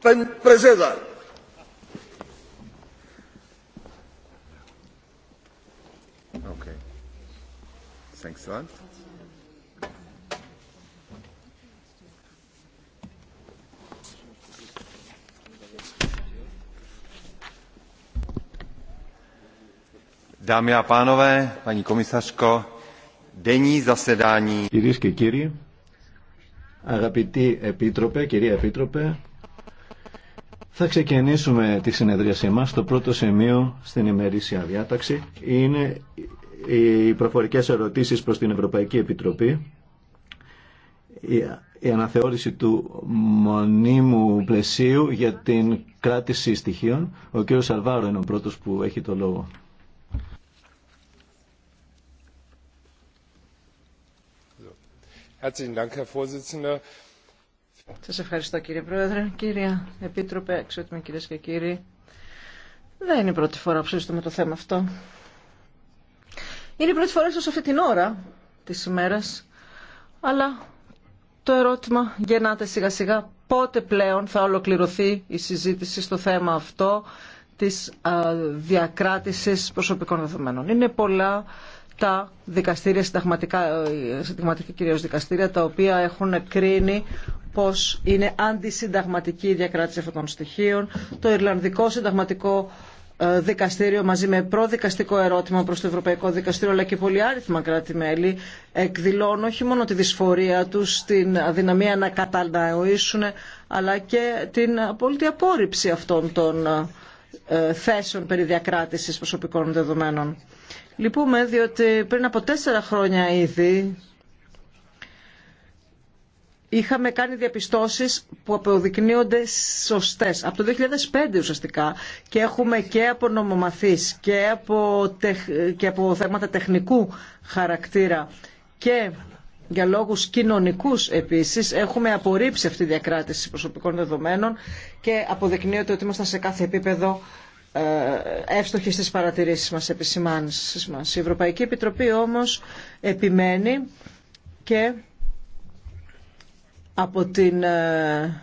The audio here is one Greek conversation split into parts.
Πεν πρεζέδα. Okay. Thanks a lot. Dámy a pánové, paní komisařko, denní zasedání. Kyrie, kyrie. Agapiti Epitrope, Kyrie Epitrope, θα ξεκινήσουμε τη συνεδρίασή μας. Το πρώτο σημείο στην ημερήσια διάταξη είναι οι προφορικές ερωτήσεις προς την Ευρωπαϊκή Επιτροπή. Η αναθεώρηση του μονίμου πλαισίου για την κράτηση στοιχείων. Ο κύριος Σαλβάρο είναι ο πρώτος που έχει το λόγο. Herzlichen Dank, Herr σας ευχαριστώ κύριε Πρόεδρε. Κύριε Επίτροπε, με κύριε και κύριοι. Δεν είναι η πρώτη φορά που συζητούμε το θέμα αυτό. Είναι η πρώτη φορά ίσως αυτή την ώρα της ημέρας, αλλά το ερώτημα γεννάται σιγά σιγά πότε πλέον θα ολοκληρωθεί η συζήτηση στο θέμα αυτό της διακράτησης προσωπικών δεδομένων. Είναι πολλά τα δικαστήρια, συνταγματικά, ε, συνταγματικά κυρίως δικαστήρια, τα οποία έχουν κρίνει πως είναι αντισυνταγματική η διακράτηση αυτών των στοιχείων. Το Ιρλανδικό Συνταγματικό ε, δικαστήριο μαζί με προδικαστικό ερώτημα προς το Ευρωπαϊκό Δικαστήριο αλλά και πολλοί άριθμα κράτη-μέλη εκδηλώνουν όχι μόνο τη δυσφορία τους, την αδυναμία να κατανοήσουν αλλά και την απόλυτη απόρριψη αυτών των ε, θέσεων περί διακράτησης προσωπικών δεδομένων. Λυπούμε διότι πριν από τέσσερα χρόνια ήδη είχαμε κάνει διαπιστώσεις που αποδεικνύονται σωστές. Από το 2005 ουσιαστικά και έχουμε και από νομομαθείς και από, και από θέματα τεχνικού χαρακτήρα και για λόγους κοινωνικούς επίσης έχουμε απορρίψει αυτή τη διακράτηση προσωπικών δεδομένων και αποδεικνύεται ότι ήμασταν σε κάθε επίπεδο ε, εύστοχοι στις παρατηρήσεις μας, επισημάνσεις μας. Η Ευρωπαϊκή Επιτροπή όμως επιμένει και από την ε,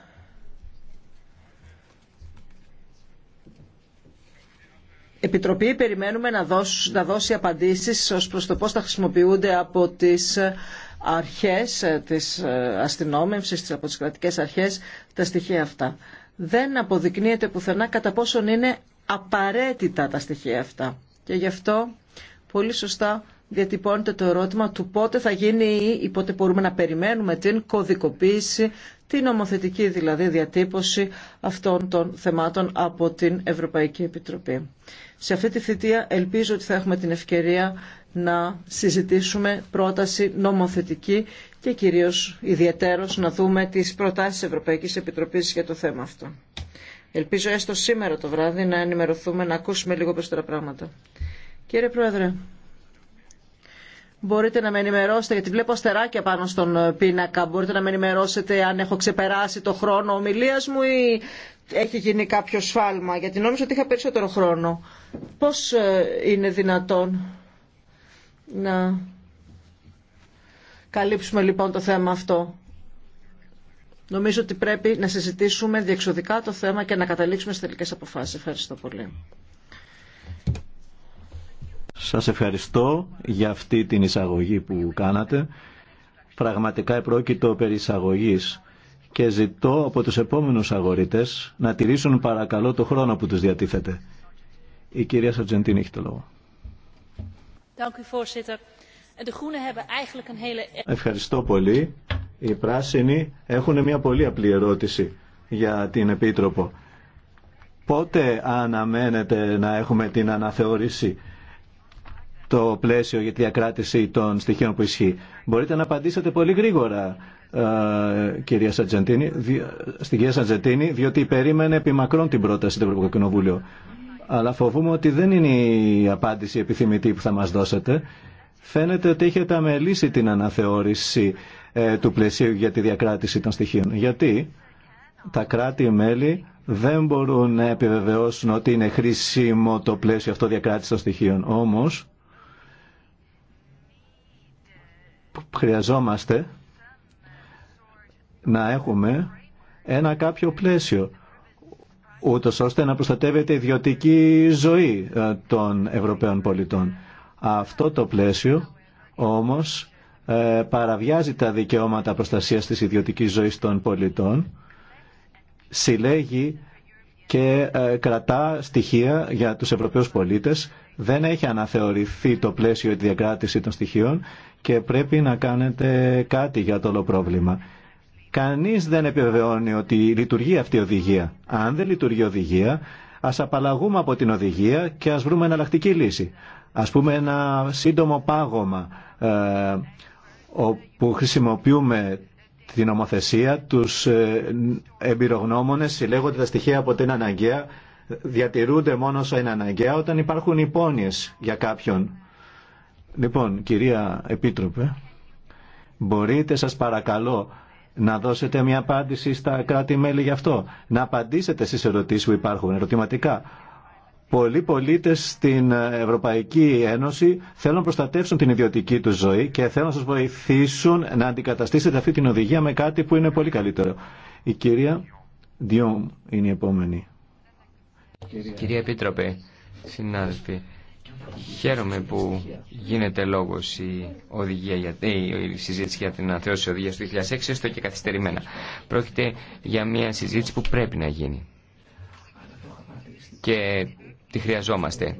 Επιτροπή περιμένουμε να δώσει, να δώσει απαντήσεις ως προς το πώς θα χρησιμοποιούνται από τις ε, αρχές ε, της αστυνόμευσης, από τις κρατικές αρχές, τα στοιχεία αυτά. Δεν αποδεικνύεται πουθενά κατά πόσον είναι απαραίτητα τα στοιχεία αυτά. Και γι' αυτό πολύ σωστά διατυπώνεται το ερώτημα του πότε θα γίνει ή πότε μπορούμε να περιμένουμε την κωδικοποίηση, την νομοθετική δηλαδή διατύπωση αυτών των θεμάτων από την Ευρωπαϊκή Επιτροπή. Σε αυτή τη θητεία ελπίζω ότι θα έχουμε την ευκαιρία να συζητήσουμε πρόταση νομοθετική και κυρίως ιδιαίτερος να δούμε τις προτάσεις Ευρωπαϊκής Επιτροπής για το θέμα αυτό. Ελπίζω έστω σήμερα το βράδυ να ενημερωθούμε, να ακούσουμε λίγο περισσότερα πράγματα. Κύριε Πρόεδρε, Μπορείτε να με ενημερώσετε, γιατί βλέπω αστεράκια πάνω στον ε, πίνακα. Μπορείτε να με ενημερώσετε αν έχω ξεπεράσει το χρόνο ομιλία μου ή έχει γίνει κάποιο σφάλμα, γιατί νόμιζα ότι είχα περισσότερο χρόνο. Πώ ε, είναι δυνατόν να καλύψουμε λοιπόν το θέμα αυτό. Νομίζω ότι πρέπει να συζητήσουμε διεξοδικά το θέμα και να καταλήξουμε στι τελικέ αποφάσει. Ευχαριστώ πολύ. Σας ευχαριστώ για αυτή την εισαγωγή που κάνατε. Πραγματικά επρόκειτο περί εισαγωγής και ζητώ από τους επόμενους αγορητές να τηρήσουν παρακαλώ το χρόνο που τους διατίθεται. Η κυρία Σατζεντίνη έχει το λόγο. Ευχαριστώ πολύ. Οι πράσινοι έχουν μια πολύ απλή ερώτηση για την Επίτροπο. Πότε αναμένεται να έχουμε την αναθεώρηση το πλαίσιο για τη διακράτηση των στοιχείων που ισχύει. Μπορείτε να απαντήσετε πολύ γρήγορα, ε, κυρία Σατζεντίνη, στην κυρία διότι περίμενε επιμακρών την πρόταση του Ευρωπαϊκού Κοινοβούλιο. Αλλά φοβούμαι ότι δεν είναι η απάντηση επιθυμητή που θα μας δώσετε. Φαίνεται ότι έχετε αμελήσει την αναθεώρηση ε, του πλαισίου για τη διακράτηση των στοιχείων. Γιατί τα κράτη-μέλη δεν μπορούν να επιβεβαιώσουν ότι είναι χρήσιμο το πλαίσιο αυτό διακράτηση των στοιχείων. Όμως, χρειαζόμαστε να έχουμε ένα κάποιο πλαίσιο ούτω ώστε να προστατεύεται η ιδιωτική ζωή ε, των Ευρωπαίων πολιτών. Αυτό το πλαίσιο όμως ε, παραβιάζει τα δικαιώματα προστασίας της ιδιωτικής ζωής των πολιτών, συλλέγει και ε, κρατά στοιχεία για τους Ευρωπαίους πολίτες, δεν έχει αναθεωρηθεί το πλαίσιο για τη διακράτηση των στοιχείων και πρέπει να κάνετε κάτι για το όλο πρόβλημα. Κανείς δεν επιβεβαιώνει ότι λειτουργεί αυτή η οδηγία. Αν δεν λειτουργεί η οδηγία, ας απαλλαγούμε από την οδηγία και ας βρούμε εναλλακτική λύση. Ας πούμε ένα σύντομο πάγωμα ε, όπου χρησιμοποιούμε την νομοθεσία, τους ε, εμπειρογνώμονες συλλέγονται τα στοιχεία από την αναγκαία, διατηρούνται μόνο όσο είναι αναγκαία όταν υπάρχουν υπόνοιες για κάποιον Λοιπόν, κυρία Επίτροπε, μπορείτε σας παρακαλώ να δώσετε μια απάντηση στα κράτη-μέλη γι' αυτό. Να απαντήσετε στις ερωτήσεις που υπάρχουν ερωτηματικά. Πολλοί πολίτες στην Ευρωπαϊκή Ένωση θέλουν να προστατεύσουν την ιδιωτική του ζωή και θέλουν να σας βοηθήσουν να αντικαταστήσετε αυτή την οδηγία με κάτι που είναι πολύ καλύτερο. Η κυρία Διόμ είναι η επόμενη. Κυρία Επίτροπε, συνάδελφοι, Χαίρομαι που γίνεται λόγο η, οδηγία η συζήτηση για την ανθεώση οδηγία του 2006, έστω και καθυστερημένα. Πρόκειται για μια συζήτηση που πρέπει να γίνει. Και τη χρειαζόμαστε.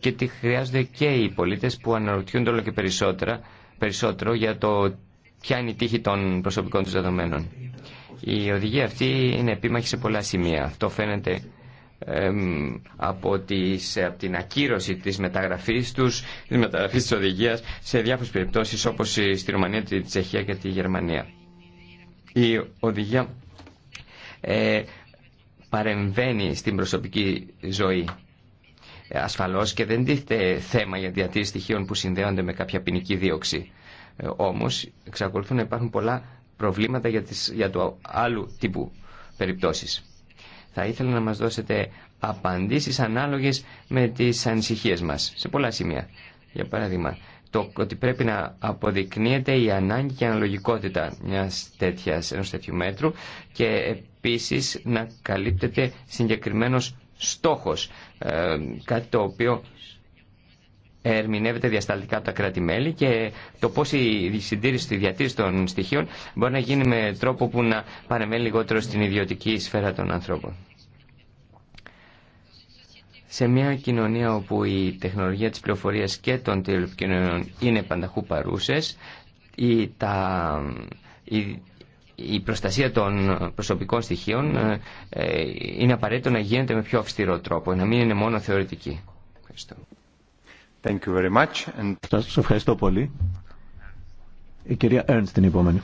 Και τη χρειάζονται και οι πολίτες που αναρωτιούνται όλο και περισσότερα, περισσότερο για το ποια είναι η τύχη των προσωπικών τους δεδομένων. Η οδηγία αυτή είναι επίμαχη σε πολλά σημεία. Αυτό φαίνεται από, τις, την ακύρωση της μεταγραφής τους, της μεταγραφής της οδηγίας σε διάφορες περιπτώσεις όπως στη Ρουμανία, τη Τσεχία και τη Γερμανία. Η οδηγία ε, παρεμβαίνει στην προσωπική ζωή ε, ασφαλώς και δεν τίθεται θέμα για διατήρηση στοιχείων που συνδέονται με κάποια ποινική δίωξη. Ε, όμως εξακολουθούν να υπάρχουν πολλά προβλήματα για, τις, για το άλλου τύπου περιπτώσεις. Θα ήθελα να μας δώσετε απαντήσεις ανάλογες με τις ανησυχίες μας σε πολλά σημεία. Για παράδειγμα, το ότι πρέπει να αποδεικνύεται η ανάγκη και η αναλογικότητα μιας τέτοιας, ενός τέτοιου μέτρου και επίσης να καλύπτεται συγκεκριμένος στόχος, ε, κάτι το οποίο ερμηνεύεται διασταλτικά από τα κράτη-μέλη και το πώς η συντήρηση, η διατήρηση των στοιχείων μπορεί να γίνει με τρόπο που να παρεμβαίνει λιγότερο στην ιδιωτική σφαίρα των ανθρώπων. Σε μια κοινωνία όπου η τεχνολογία της πληροφορίας και των τηλεπικοινωνιών είναι πανταχού παρούσες, η, τα, η, η προστασία των προσωπικών στοιχείων ε, είναι απαραίτητο να γίνεται με πιο αυστηρό τρόπο, να μην είναι μόνο θεωρητική. Ευχαριστώ. Thank you very much. And... ευχαριστώ πολύ. Η κυρία Ernst την επόμενη.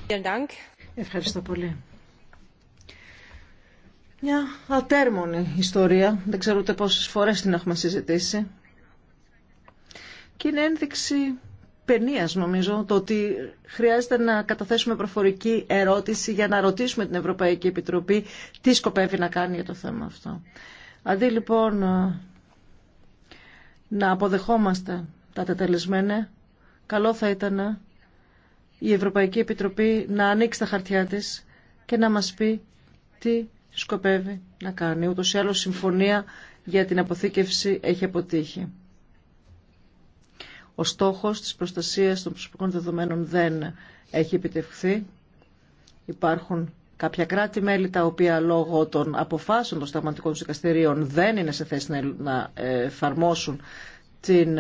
Ευχαριστώ πολύ. Μια ατέρμονη ιστορία, δεν ξέρω ούτε πόσες φορές την έχουμε συζητήσει. Και είναι ένδειξη παινίας νομίζω το ότι χρειάζεται να καταθέσουμε προφορική ερώτηση για να ρωτήσουμε την Ευρωπαϊκή Επιτροπή τι σκοπεύει να κάνει για το θέμα αυτό. Αντί λοιπόν να αποδεχόμαστε τα τετελεσμένα, καλό θα ήταν η Ευρωπαϊκή Επιτροπή να ανοίξει τα χαρτιά της και να μας πει τι σκοπεύει να κάνει. Ούτως ή άλλως συμφωνία για την αποθήκευση έχει αποτύχει. Ο στόχος της προστασίας των προσωπικών δεδομένων δεν έχει επιτευχθεί. Υπάρχουν κάποια κράτη-μέλη τα οποία λόγω των αποφάσεων των σταγματικών δικαστηρίων δεν είναι σε θέση να εφαρμόσουν την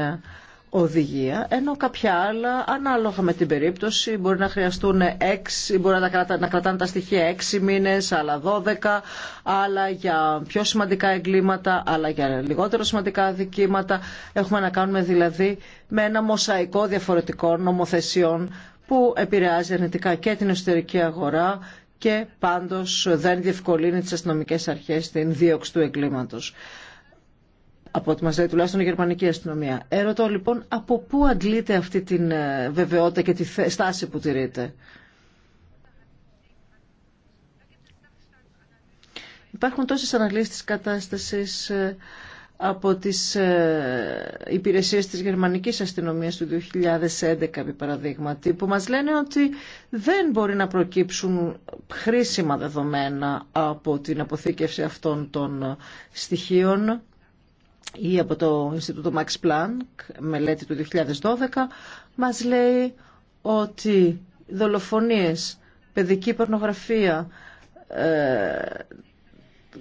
οδηγία, ενώ κάποια άλλα, ανάλογα με την περίπτωση, μπορεί να χρειαστούν έξι, μπορεί να, κρατάνε, τα στοιχεία έξι μήνες, άλλα δώδεκα, άλλα για πιο σημαντικά εγκλήματα, άλλα για λιγότερο σημαντικά δικήματα. Έχουμε να κάνουμε δηλαδή με ένα μοσαϊκό διαφορετικών νομοθεσιών που επηρεάζει αρνητικά και την εσωτερική αγορά και πάντως δεν διευκολύνει τις αστυνομικές αρχές στην δίωξη του εγκλήματος από ό,τι μας λέει τουλάχιστον η γερμανική αστυνομία. Ερωτώ λοιπόν από πού αντλείται αυτή τη ε, βεβαιότητα και τη στάση που τηρείται. Υπάρχουν τόσες αναλύσεις της κατάστασης ε, από τις ε, υπηρεσίες της γερμανικής αστυνομίας του 2011, επί παραδείγματι, που μας λένε ότι δεν μπορεί να προκύψουν χρήσιμα δεδομένα από την αποθήκευση αυτών των στοιχείων ή από το Ινστιτούτο Max Planck, μελέτη του 2012, μας λέει ότι δολοφονίες, παιδική πορνογραφία, ε,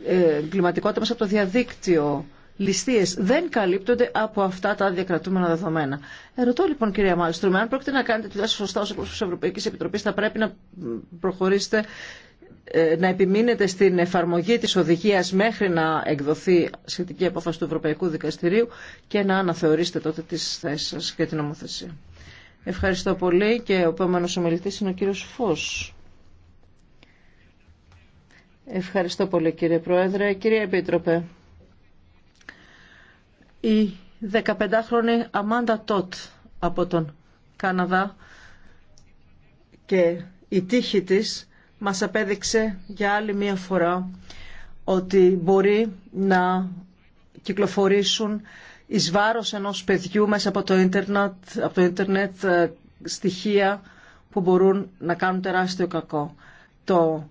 ε, εγκληματικότητα μέσα από το διαδίκτυο, ληστείες δεν καλύπτονται από αυτά τα διακρατούμενα δεδομένα. Ερωτώ λοιπόν κυρία Μάλιστρου, αν πρόκειται να κάνετε τη δουλειά σωστά ως Ευρωπαϊκής Επιτροπής θα πρέπει να προχωρήσετε ε, να επιμείνετε στην εφαρμογή της οδηγίας μέχρι να εκδοθεί σχετική απόφαση του Ευρωπαϊκού Δικαστηρίου και να αναθεωρήσετε τότε τις θέσεις σας και την νομοθεσία. Ευχαριστώ πολύ και ο επόμενο ομιλητής είναι ο κύριος Φως. Ευχαριστώ πολύ κύριε Πρόεδρε. Κύριε Επίτροπε, η 15χρονη Αμάντα Τότ από τον Καναδά και η τύχη της μας απέδειξε για άλλη μία φορά ότι μπορεί να κυκλοφορήσουν εις βάρος ενός παιδιού μέσα από το ίντερνετ, από το ίντερνετ ε, στοιχεία που μπορούν να κάνουν τεράστιο κακό. Το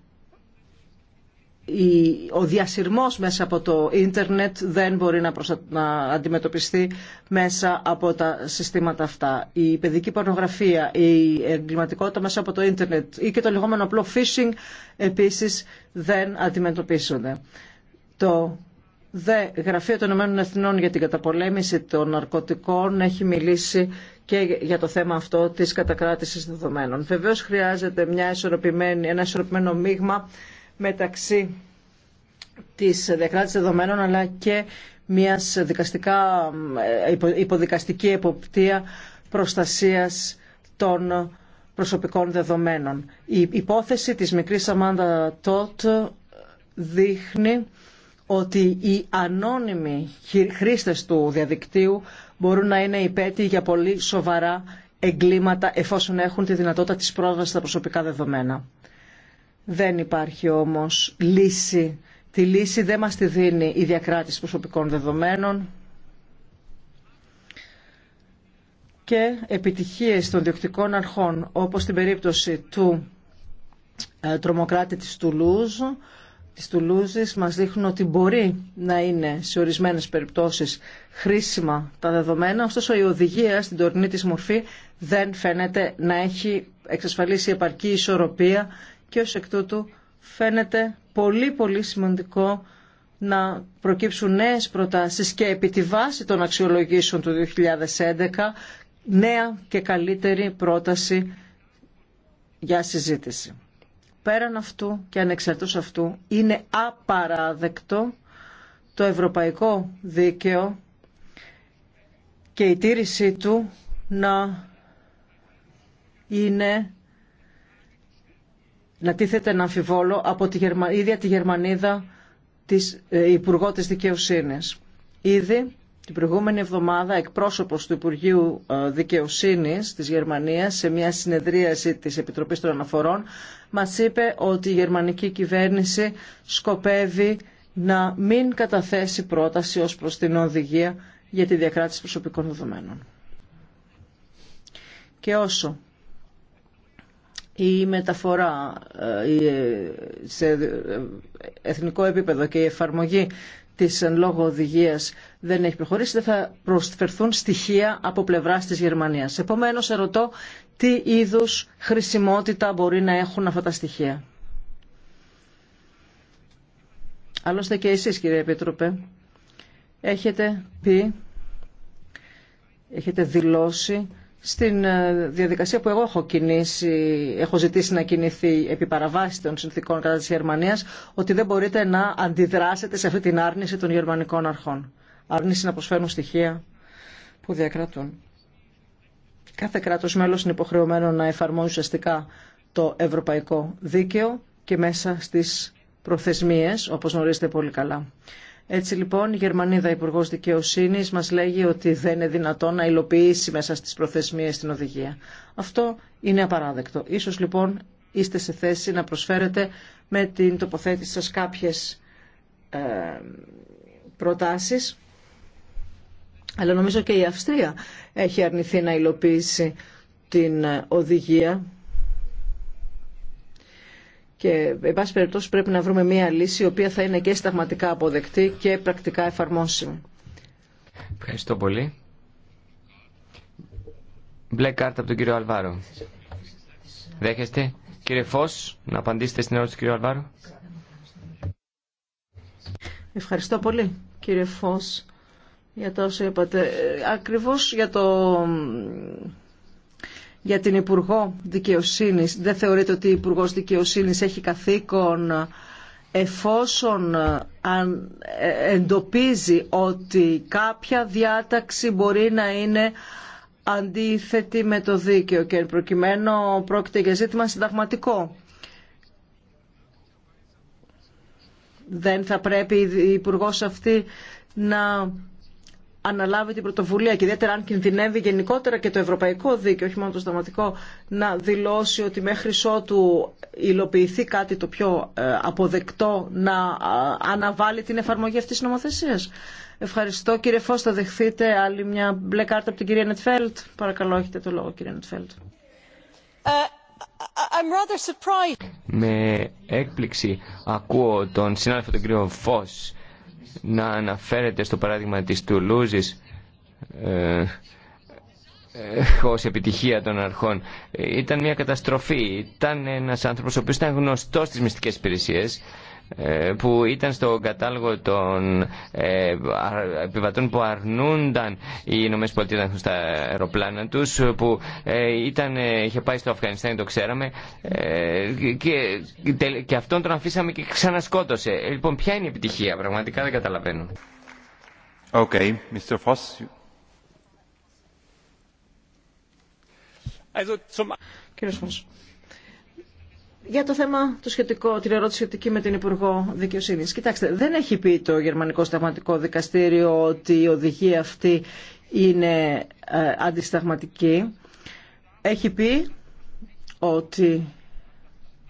ο διασυρμός μέσα από το ίντερνετ δεν μπορεί να, αντιμετωπιστεί μέσα από τα συστήματα αυτά. Η παιδική πορνογραφία, η εγκληματικότητα μέσα από το ίντερνετ ή και το λεγόμενο απλό phishing επίσης δεν αντιμετωπίζονται Το ΔΕ Γραφείο των Ηνωμένων Εθνών για την καταπολέμηση των ναρκωτικών έχει μιλήσει και για το θέμα αυτό της κατακράτησης δεδομένων. Βεβαίως χρειάζεται μια ισορροπημένη, ένα ισορροπημένο μείγμα μεταξύ της διακράτησης δεδομένων αλλά και μιας δικαστικά, υποδικαστική εποπτεία προστασίας των προσωπικών δεδομένων. Η υπόθεση της μικρής Αμάντα Τότ δείχνει ότι οι ανώνυμοι χρήστες του διαδικτύου μπορούν να είναι υπέτοιοι για πολύ σοβαρά εγκλήματα εφόσον έχουν τη δυνατότητα της πρόσβασης στα προσωπικά δεδομένα. Δεν υπάρχει όμως λύση. Τη λύση δεν μας τη δίνει η διακράτηση προσωπικών δεδομένων και επιτυχίες των διοκτικών αρχών, όπως στην περίπτωση του ε, τρομοκράτη της Τουλούζ, της Τουλούζης μας δείχνουν ότι μπορεί να είναι σε ορισμένες περιπτώσεις χρήσιμα τα δεδομένα, ωστόσο η οδηγία στην τωρινή της μορφή δεν φαίνεται να έχει εξασφαλίσει επαρκή ισορροπία και ως εκ τούτου φαίνεται πολύ πολύ σημαντικό να προκύψουν νέες προτάσεις και επί τη βάση των αξιολογήσεων του 2011 νέα και καλύτερη πρόταση για συζήτηση. Πέραν αυτού και ανεξαρτήτως αυτού είναι απαράδεκτο το ευρωπαϊκό δίκαιο και η τήρησή του να είναι να τίθεται να αμφιβόλο από τη ίδια τη Γερμανίδα της ε, Υπουργό της Δικαιοσύνης. Ήδη την προηγούμενη εβδομάδα εκπρόσωπος του Υπουργείου ε, Δικαιοσύνης της Γερμανίας σε μια συνεδρίαση της Επιτροπής των Αναφορών μας είπε ότι η γερμανική κυβέρνηση σκοπεύει να μην καταθέσει πρόταση ως προς την οδηγία για τη διακράτηση προσωπικών δεδομένων. Και όσο η μεταφορά ε, σε ε, εθνικό επίπεδο και η εφαρμογή της εν λόγω οδηγίας δεν έχει προχωρήσει, δεν θα προσφερθούν στοιχεία από πλευράς της Γερμανίας. Επομένως, ερωτώ τι είδους χρησιμότητα μπορεί να έχουν αυτά τα στοιχεία. Άλλωστε και εσείς, κύριε Επίτροπε, έχετε πει, έχετε δηλώσει στην ε, διαδικασία που εγώ έχω, κινήσει, έχω ζητήσει να κινηθεί επί παραβάση των συνθήκων κατά της Γερμανίας, ότι δεν μπορείτε να αντιδράσετε σε αυτή την άρνηση των γερμανικών αρχών. Άρνηση να προσφέρουν στοιχεία που διακρατούν. Κάθε κράτος μέλος είναι υποχρεωμένο να εφαρμόζει ουσιαστικά το ευρωπαϊκό δίκαιο και μέσα στις προθεσμίες, όπως γνωρίζετε πολύ καλά. Έτσι λοιπόν η Γερμανίδα Υπουργό Δικαιοσύνη μα λέγει ότι δεν είναι δυνατόν να υλοποιήσει μέσα στι προθεσμίε την οδηγία. Αυτό είναι απαράδεκτο. σω λοιπόν είστε σε θέση να προσφέρετε με την τοποθέτηση σα κάποιε ε, προτάσει. Αλλά νομίζω και η Αυστρία έχει αρνηθεί να υλοποιήσει την ε, οδηγία και, εν πάση περιπτώσει, πρέπει να βρούμε μία λύση η οποία θα είναι και σταγματικά αποδεκτή και πρακτικά εφαρμόσιμη. Ευχαριστώ πολύ. Μπλε κάρτα από τον κύριο Αλβάρο. Δέχεστε. Κύριε Φω, να απαντήσετε στην ερώτηση του κύριου Αλβάρο. Ευχαριστώ πολύ, κύριε Φω, ε, για το όσο είπατε. ακριβώ για το για την Υπουργό Δικαιοσύνης. Δεν θεωρείτε ότι η Υπουργός Δικαιοσύνης έχει καθήκον εφόσον ε, εντοπίζει ότι κάποια διάταξη μπορεί να είναι αντίθετη με το δίκαιο και προκειμένου πρόκειται για ζήτημα συνταγματικό. Δεν θα πρέπει η υπουργό αυτή να αναλάβει την πρωτοβουλία και ιδιαίτερα αν κινδυνεύει γενικότερα και το ευρωπαϊκό δίκαιο, όχι μόνο το σταματικό, να δηλώσει ότι μέχρι ότου υλοποιηθεί κάτι το πιο ε, αποδεκτό να ε, αναβάλει την εφαρμογή αυτής της νομοθεσίας. Ευχαριστώ κύριε Φως, θα δεχθείτε άλλη μια μπλε κάρτα από την κυρία Νετφέλτ. Παρακαλώ, έχετε το λόγο κύριε Νετφέλτ. Ε, Με έκπληξη ακούω τον συνάδελφο τον κύριο Φως να αναφέρεται στο παράδειγμα της Τουλούζης ε, ε ως επιτυχία των αρχών. Ε, ήταν μια καταστροφή. Ήταν ένας άνθρωπος ο οποίος ήταν γνωστός στις μυστικές υπηρεσίες ε, που ήταν στο κατάλογο των ε, επιβατών που αρνούνταν οι Ηνωμένες Πολιτείες στα αεροπλάνα τους που ε, ήταν, είχε πάει στο Αφγανιστάν το ξέραμε και, αυτόν τον αφήσαμε και ξανασκότωσε λοιπόν ποια είναι η επιτυχία πραγματικά δεν καταλαβαίνω Mr. Foss για το θέμα το σχετικό, την ερώτηση σχετική με την Υπουργό Δικαιοσύνη. Κοιτάξτε, δεν έχει πει το Γερμανικό Σταγματικό Δικαστήριο ότι η οδηγία αυτή είναι ε, αντισταγματική. Έχει πει ότι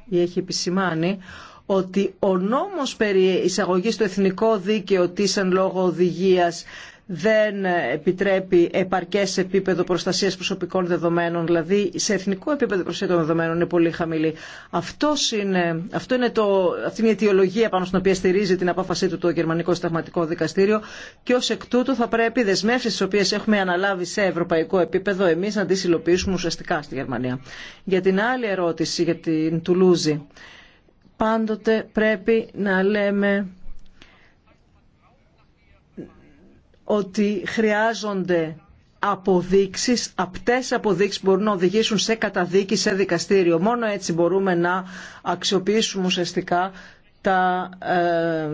ή έχει επισημάνει ότι ο νόμος περί εισαγωγής στο εθνικό δίκαιο της εν λόγω οδηγίας δεν επιτρέπει επαρκέ επίπεδο προστασίας προσωπικών δεδομένων, δηλαδή σε εθνικό επίπεδο προστασία των δεδομένων είναι πολύ χαμηλή. Αυτός είναι, αυτό είναι το, αυτή είναι η αιτιολογία πάνω στην οποία στηρίζει την απόφασή του το Γερμανικό Συνταγματικό Δικαστήριο και ως εκ τούτου θα πρέπει οι δεσμεύσει τι οποίε έχουμε αναλάβει σε ευρωπαϊκό επίπεδο εμεί να τι υλοποιήσουμε ουσιαστικά στη Γερμανία. Για την άλλη ερώτηση, για την Τουλούζη πάντοτε πρέπει να λέμε ότι χρειάζονται αποδείξεις, απτές αποδείξεις που μπορούν να οδηγήσουν σε καταδίκη, σε δικαστήριο. Μόνο έτσι μπορούμε να αξιοποιήσουμε ουσιαστικά τα ε,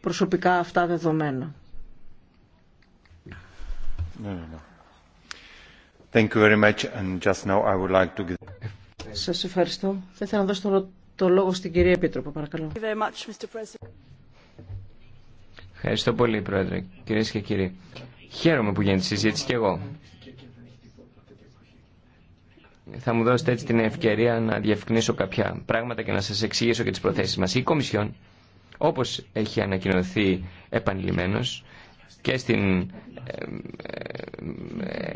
προσωπικά αυτά δεδομένα. Σας ευχαριστώ. Θα ήθελα να δώσω το λόγο στην κυρία Επίτροπο, παρακαλώ. Ευχαριστώ πολύ, Πρόεδρε. Κυρίες και κύριοι, χαίρομαι που γίνεται η συζήτηση και εγώ. Θα μου δώσετε έτσι την ευκαιρία να διευκρινίσω κάποια πράγματα και να σας εξηγήσω και τις προθέσεις μας. Η Κομισιόν, όπως έχει ανακοινωθεί επανειλημμένως και στην ε, ε,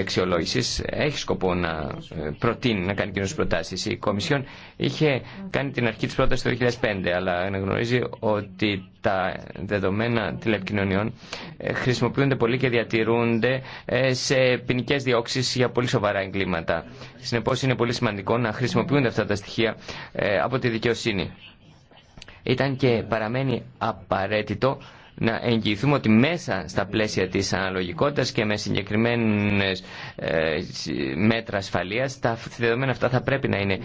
αξιολόγηση έχει σκοπό να ε, προτείνει να κάνει κοινέ προτάσει. Η Κομισιόν είχε κάνει την αρχή τη πρόταση το 2005, αλλά αναγνωρίζει ότι τα δεδομένα τηλεπικοινωνιών ε, χρησιμοποιούνται πολύ και διατηρούνται ε, σε ποινικέ διώξει για πολύ σοβαρά εγκλήματα. Συνεπώ, είναι πολύ σημαντικό να χρησιμοποιούνται αυτά τα στοιχεία από τη δικαιοσύνη. Ήταν και παραμένει απαραίτητο να εγγυηθούμε ότι μέσα στα πλαίσια της αναλογικότητας και με συγκεκριμένες ε, μέτρα ασφαλείας τα δεδομένα αυτά θα πρέπει να, είναι,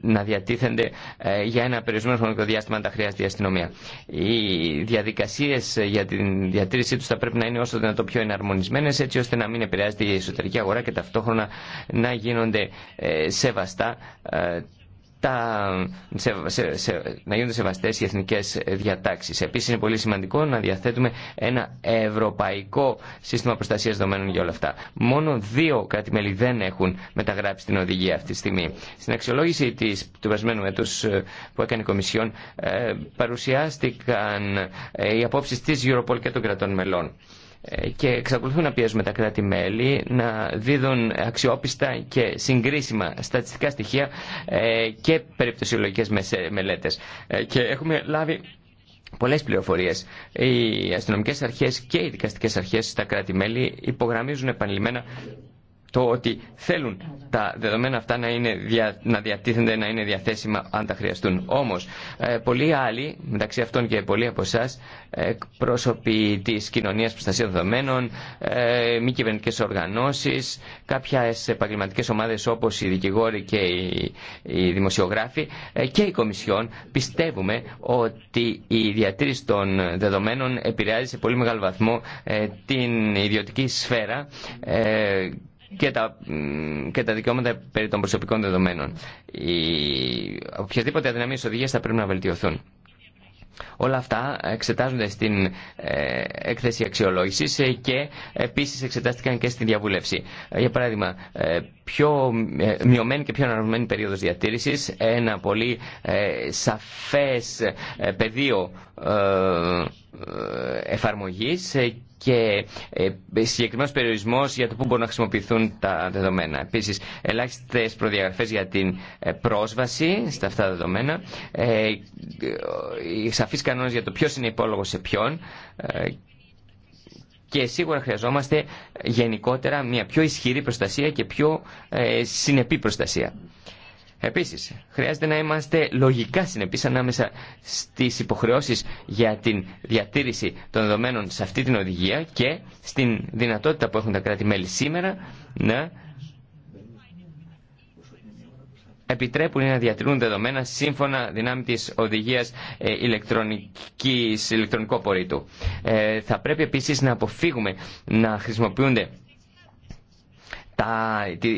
να διατίθενται ε, για ένα περιορισμένο χρονικό διάστημα αν τα χρειάζεται η αστυνομία. Οι διαδικασίες για την διατήρησή τους θα πρέπει να είναι όσο δυνατό πιο εναρμονισμένες έτσι ώστε να μην επηρεάζεται η εσωτερική αγορά και ταυτόχρονα να γίνονται ε, σεβαστά τα, σε, σε, σε, να γίνονται σεβαστές οι εθνικέ διατάξεις. Επίσης είναι πολύ σημαντικό να διαθέτουμε ένα ευρωπαϊκό σύστημα προστασία δεδομένων για όλα αυτά. Μόνο δύο κράτη-μέλη δεν έχουν μεταγράψει την οδηγία αυτή τη στιγμή. Στην αξιολόγηση της, του περασμένου έτου ε, που έκανε η Κομισιόν ε, παρουσιάστηκαν ε, οι απόψει τη Europol και των κρατών μελών. Ε, και εξακολουθούν να πιέζουμε τα κράτη-μέλη να δίδουν αξιόπιστα και συγκρίσιμα στατιστικά στοιχεία ε, και περιπτωσιολογικές μελέτες. Ε, και έχουμε λάβει πολλές πληροφορίες. Οι αστυνομικές αρχές και οι δικαστικές αρχές στα κράτη-μέλη υπογραμμίζουν επανειλημμένα το ότι θέλουν τα δεδομένα αυτά να, είναι, να διατίθενται, να είναι διαθέσιμα αν τα χρειαστούν. Όμως, ε, πολλοί άλλοι, μεταξύ αυτών και πολλοί από εσά, εκπρόσωποι της κοινωνίας προστασία δεδομένων, ε, μη κυβερνητικέ οργανώσεις, κάποιες επαγγελματικέ ομάδες όπως οι δικηγόροι και οι, δημοσιογράφοι ε, και οι κομισιόν, πιστεύουμε ότι η διατήρηση των δεδομένων επηρεάζει σε πολύ μεγάλο βαθμό την ιδιωτική σφαίρα και τα, και δικαιώματα περί των προσωπικών δεδομένων. Οι οποιασδήποτε αδυναμίες θα πρέπει να βελτιωθούν. Όλα αυτά εξετάζονται στην ε, έκθεση αξιολόγησης ε, και επίσης εξετάστηκαν και στην διαβούλευση. Ε, για παράδειγμα, πιο μειωμένη και πιο αναρρωμένη περίοδος διατήρησης, ένα πολύ ε, σαφές πεδίο ε, εφαρμογής ε, και ε, συγκεκριμένος περιορισμός για το πού μπορούν να χρησιμοποιηθούν τα δεδομένα. Επίσης, ελάχιστες προδιαγραφές για την πρόσβαση στα αυτά τα δεδομένα, σαφείς κανόνες για το ποιος είναι υπόλογος σε ποιον και σίγουρα χρειαζόμαστε γενικότερα μια πιο ισχυρή προστασία και πιο συνεπή προστασία. Επίσης, χρειάζεται να είμαστε λογικά συνεπείς ανάμεσα στις υποχρεώσεις για την διατήρηση των δεδομένων σε αυτή την οδηγία και στην δυνατότητα που έχουν τα κράτη-μέλη σήμερα να επιτρέπουν να διατηρούν δεδομένα σύμφωνα δυνάμει της οδηγίας ε, ηλεκτρονικής, ηλεκτρονικού απορρίτου. Ε, θα πρέπει επίσης να αποφύγουμε να χρησιμοποιούνται τα, τη,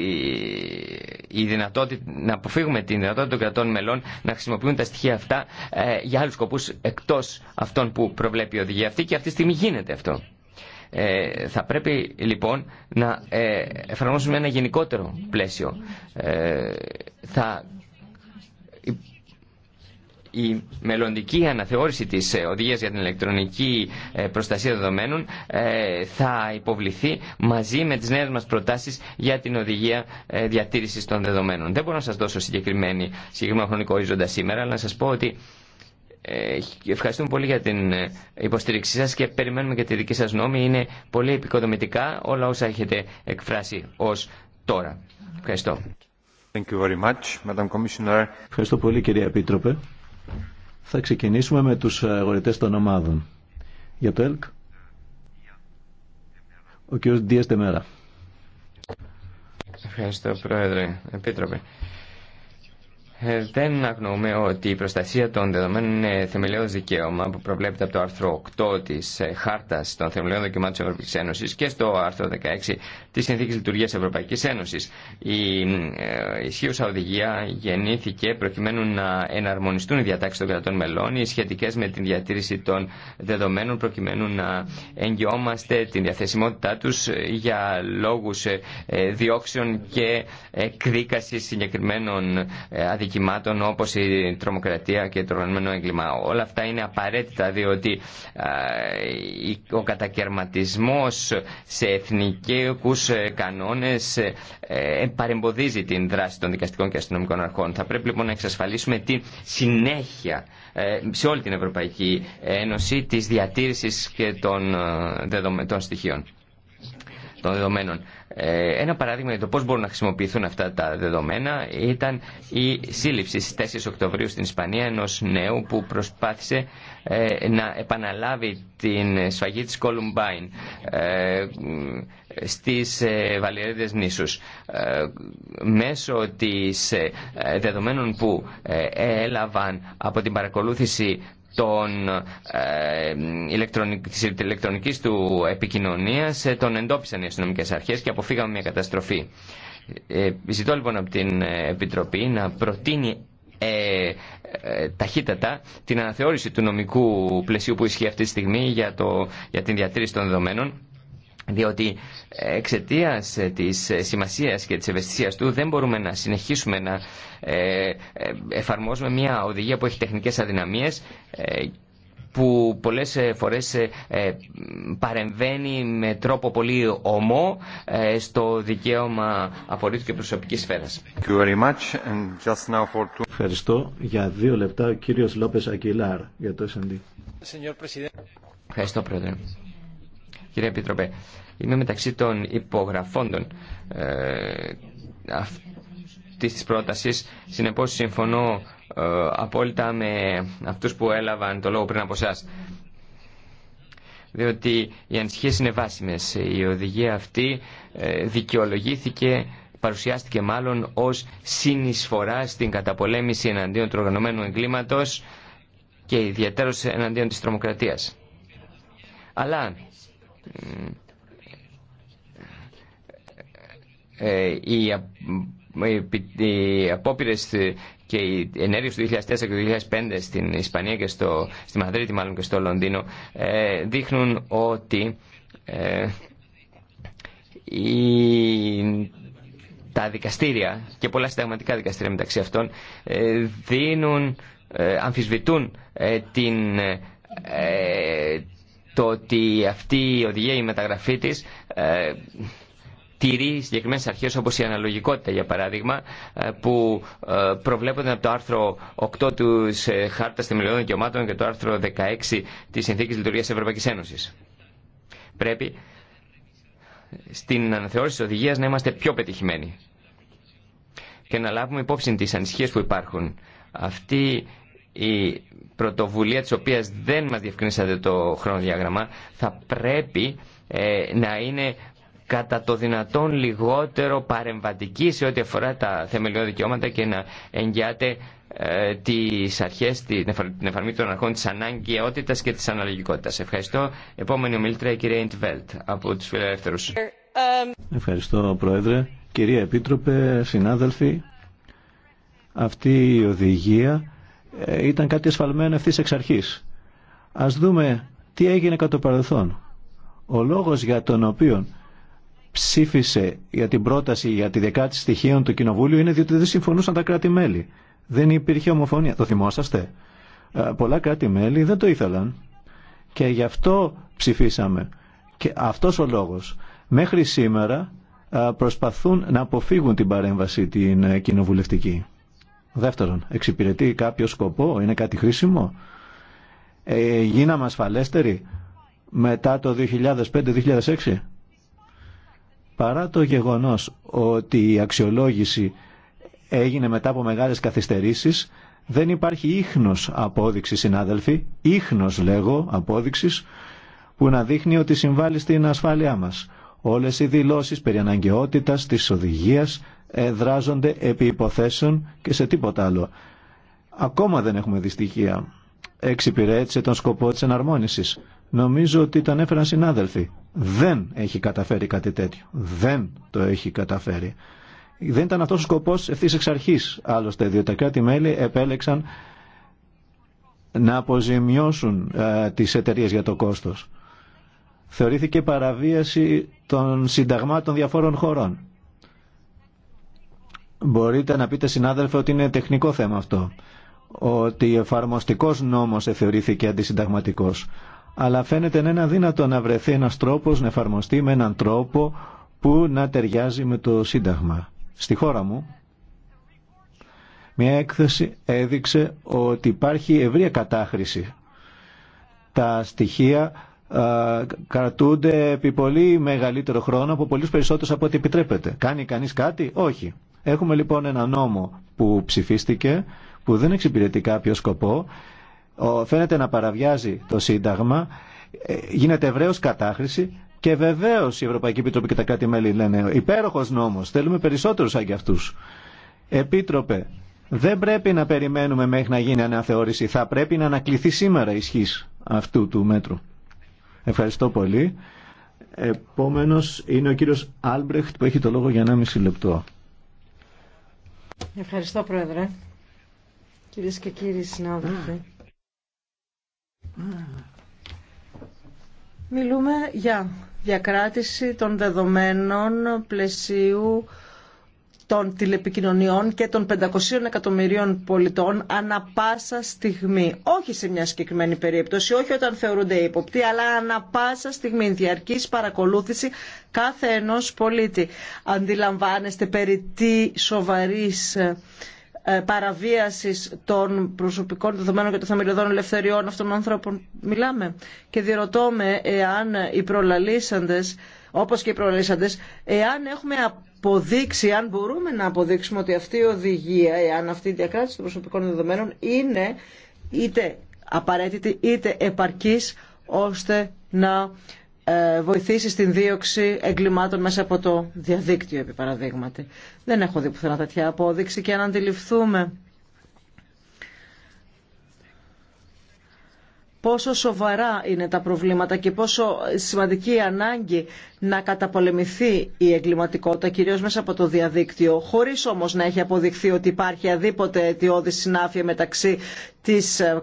η δυνατότητα, να αποφύγουμε την δυνατότητα των κρατών μελών να χρησιμοποιούν τα στοιχεία αυτά ε, για άλλους σκοπούς εκτός αυτών που προβλέπει η οδηγία αυτή και αυτή τη στιγμή γίνεται αυτό. Ε, θα πρέπει λοιπόν να ε, εφαρμόσουμε ένα γενικότερο πλαίσιο. Ε, θα η μελλοντική αναθεώρηση τη ε, οδηγία για την ηλεκτρονική ε, προστασία δεδομένων ε, θα υποβληθεί μαζί με τι νέε μα προτάσει για την οδηγία διατήρηση των δεδομένων. Δεν μπορώ να σα δώσω συγκεκριμένη, συγκεκριμένο χρονικό ορίζοντα σήμερα, αλλά να σα πω ότι ευχαριστούμε πολύ για την υποστήριξή σας και περιμένουμε και τη δική σας νόμη. Είναι πολύ επικοδομητικά όλα όσα έχετε εκφράσει ως τώρα. Ευχαριστώ. Thank you very much, Madam Commissioner. Ευχαριστώ πολύ κυρία Επίτροπε. Θα ξεκινήσουμε με τους αγορητές των ομάδων. Για το ΕΛΚ, ο κ. Ντίας Τεμέρα. Ευχαριστώ, Πρόεδρε. Επίτροπε. Ε, δεν αγνοούμε ότι η προστασία των δεδομένων είναι θεμελιώδες δικαίωμα που προβλέπεται από το άρθρο 8 της ε, Χάρτας των θεμελιών Δικαιωμάτων της Ευρωπαϊκής Ένωσης και στο άρθρο 16 της Συνθήκης Λειτουργίας της Ευρωπαϊκής Ένωσης. Η ε, ισχύουσα οδηγία γεννήθηκε προκειμένου να εναρμονιστούν οι διατάξεις των κρατών μελών οι σχετικές με την διατήρηση των δεδομένων προκειμένου να εγγυόμαστε την διαθεσιμότητά τους για λόγους διώξεων και εκδίκασης συγκεκριμένων Όπω όπως η τρομοκρατία και το οργανωμένο έγκλημα. Όλα αυτά είναι απαραίτητα διότι ο κατακαιρματισμός σε εθνικούς ε, κανόνες ε, ε, παρεμποδίζει την δράση των δικαστικών και αστυνομικών αρχών. Θα πρέπει λοιπόν να εξασφαλίσουμε τη συνέχεια σε όλη την Ευρωπαϊκή Ένωση της διατήρησης και των, των στοιχείων των ε, Ένα παράδειγμα για το πώς μπορούν να χρησιμοποιηθούν αυτά τα δεδομένα ήταν η σύλληψη στις 4 Οκτωβρίου στην Ισπανία ενός νέου που προσπάθησε ε, να επαναλάβει την σφαγή τη Κολουμπάιν ε, στις νήσου. νήσους. Μέσω της δεδομένων που έλαβαν από την παρακολούθηση των, ε, της ηλεκτρονικής του επικοινωνίας ε, τον εντόπισαν οι αστυνομικές αρχές και αποφύγαμε μια καταστροφή. Ε, ζητώ λοιπόν από την ε, Επιτροπή να προτείνει ε, ε, ταχύτατα την αναθεώρηση του νομικού πλαισίου που ισχύει αυτή τη στιγμή για, το, για την διατήρηση των δεδομένων διότι εξαιτία της σημασίας και της ευαισθησίας του δεν μπορούμε να συνεχίσουμε να ε, ε, εφαρμόζουμε μια οδηγία που έχει τεχνικές αδυναμίες ε, που πολλές φορές παρεμβαίνει με τρόπο πολύ ομό στο δικαίωμα απορρίτου και προσωπικής σφαίρας. Ευχαριστώ. Για δύο λεπτά ο κύριος Λόπες Ακυλάρ για το S&D. Ευχαριστώ, Πρόεδρε. Κύριε Επίτροπε, είμαι μεταξύ των υπογραφώντων ε, αυτής της πρότασης. Συνεπώς συμφωνώ ε, απόλυτα με αυτούς που έλαβαν το λόγο πριν από εσά. Διότι οι ανησυχίε είναι βάσιμες. Η οδηγία αυτή ε, δικαιολογήθηκε παρουσιάστηκε μάλλον ως συνεισφορά στην καταπολέμηση εναντίον του οργανωμένου εγκλήματος και ιδιαίτερως εναντίον της τρομοκρατίας. Αλλά ε, οι απόπειρε και οι ενέργειε του 2004 και του 2005 στην Ισπανία και στο, στη Μαδρίτη μάλλον και στο Λονδίνο ε, δείχνουν ότι ε, τα δικαστήρια και πολλά συνταγματικά δικαστήρια μεταξύ αυτών δίνουν, αμφισβητούν την το ότι αυτή η οδηγία, η μεταγραφή τη ε, τηρεί συγκεκριμένε αρχέ, όπω η αναλογικότητα για παράδειγμα ε, που ε, προβλέπονται από το άρθρο 8 του ε, χάρτα Θεμελιωδών Δικαιωμάτων και το άρθρο 16 της Συνθήκης λειτουργία της Ευρωπαϊκής Ένωσης. Πρέπει στην αναθεώρηση τη οδηγίας να είμαστε πιο πετυχημένοι και να λάβουμε υπόψη τι ανησυχίε που υπάρχουν. Αυτή η πρωτοβουλία της οποίας δεν μας διευκρινίσατε το χρονοδιάγραμμα θα πρέπει ε, να είναι κατά το δυνατόν λιγότερο παρεμβατική σε ό,τι αφορά τα θεμελιώδη δικαιώματα και να εγγυάται ε, τις αρχές, την, εφαρμή των αρχών της αναγκαιότητας και της αναλογικότητας. Ευχαριστώ. Επόμενη ομιλήτρια η κυρία Ιντβέλτ από τους Φιλελεύθερους. Ευχαριστώ Πρόεδρε. Κυρία Επίτροπε, συνάδελφοι, αυτή η οδηγία ε, ήταν κάτι ασφαλμένο ευθύ εξ αρχής. Ας δούμε τι έγινε κατά το παρελθόν. Ο λόγος για τον οποίο ψήφισε για την πρόταση για τη δεκάτη στοιχείων του Κοινοβούλιο είναι διότι δεν συμφωνούσαν τα κράτη-μέλη. Δεν υπήρχε ομοφωνία. Το θυμόσαστε. Ε, πολλά κράτη-μέλη δεν το ήθελαν. Και γι' αυτό ψηφίσαμε. Και αυτός ο λόγος. Μέχρι σήμερα ε, προσπαθούν να αποφύγουν την παρέμβαση την κοινοβουλευτική. Δεύτερον, εξυπηρετεί κάποιο σκοπό, είναι κάτι χρήσιμο. Ε, γίναμε ασφαλέστεροι μετά το 2005-2006. Παρά το γεγονός ότι η αξιολόγηση έγινε μετά από μεγάλες καθυστερήσεις, δεν υπάρχει ίχνος απόδειξης, συνάδελφοι, ίχνος λέγω απόδειξης, που να δείχνει ότι συμβάλλει στην ασφάλειά μας. Όλες οι δηλώσεις περί αναγκαιότητας της οδηγίας ε, δράζονται επί υποθέσεων και σε τίποτα άλλο. Ακόμα δεν έχουμε δυστυχία. Εξυπηρέτησε τον σκοπό της εναρμόνισης. Νομίζω ότι τον έφεραν συνάδελφοι. Δεν έχει καταφέρει κάτι τέτοιο. Δεν το έχει καταφέρει. Δεν ήταν αυτός ο σκοπός ευθύς εξ αρχής. Άλλωστε, διότι τα κράτη-μέλη επέλεξαν να αποζημιώσουν ε, τις εταιρείες για το κόστος. Θεωρήθηκε παραβίαση των συνταγμάτων διαφόρων χωρών. Μπορείτε να πείτε συνάδελφε ότι είναι τεχνικό θέμα αυτό. Ότι εφαρμοστικός νόμος θεωρήθηκε αντισυνταγματικός. Αλλά φαίνεται να είναι αδύνατο να βρεθεί ένας τρόπος να εφαρμοστεί με έναν τρόπο που να ταιριάζει με το Σύνταγμα. Στη χώρα μου, μια έκθεση έδειξε ότι υπάρχει ευρεία κατάχρηση. Τα στοιχεία κρατούνται επί πολύ μεγαλύτερο χρόνο από πολλούς περισσότερους από ό,τι επιτρέπεται. Κάνει κανείς κάτι? Όχι. Έχουμε λοιπόν ένα νόμο που ψηφίστηκε, που δεν εξυπηρετεί κάποιο σκοπό, φαίνεται να παραβιάζει το Σύνταγμα, ε, γίνεται ευρέω κατάχρηση και βεβαίω η Ευρωπαϊκή Επιτροπή και τα κράτη-μέλη λένε υπέροχο νόμο, θέλουμε περισσότερου σαν κι αυτού. Επίτροπε, δεν πρέπει να περιμένουμε μέχρι να γίνει αναθεώρηση. Θα πρέπει να ανακληθεί σήμερα η ισχύ αυτού του μέτρου. Ευχαριστώ πολύ. Επόμενος είναι ο κύριος Άλμπρεχτ που έχει το λόγο για 1,5 λεπτό. Ευχαριστώ, Πρόεδρε. κυρίε και κύριοι συνάδελφοι. Μιλούμε για διακράτηση των δεδομένων πλαισίου των τηλεπικοινωνιών και των 500 εκατομμυρίων πολιτών ανα πάσα στιγμή. Όχι σε μια συγκεκριμένη περίπτωση, όχι όταν θεωρούνται ύποπτοι, αλλά ανα πάσα στιγμή διαρκής παρακολούθηση κάθε ενός πολίτη. Αντιλαμβάνεστε περί τι σοβαρής ε, παραβίασης των προσωπικών δεδομένων και των θεμελιωδών ελευθεριών αυτών των ανθρώπων μιλάμε. Και διερωτώ εάν οι προλαλήσαντες όπως και οι προλαλήσαντες, εάν έχουμε αποδείξει, αν μπορούμε να αποδείξουμε ότι αυτή η οδηγία, αν αυτή η διακράτηση των προσωπικών δεδομένων είναι είτε απαραίτητη είτε επαρκής ώστε να ε, βοηθήσει στην δίωξη εγκλημάτων μέσα από το διαδίκτυο, επί παραδείγματι. Δεν έχω δει πουθενά τέτοια απόδειξη και αν αντιληφθούμε πόσο σοβαρά είναι τα προβλήματα και πόσο σημαντική η ανάγκη να καταπολεμηθεί η εγκληματικότητα, κυρίως μέσα από το διαδίκτυο, χωρίς όμως να έχει αποδειχθεί ότι υπάρχει αδίποτε αιτιώδη συνάφεια μεταξύ της, ε,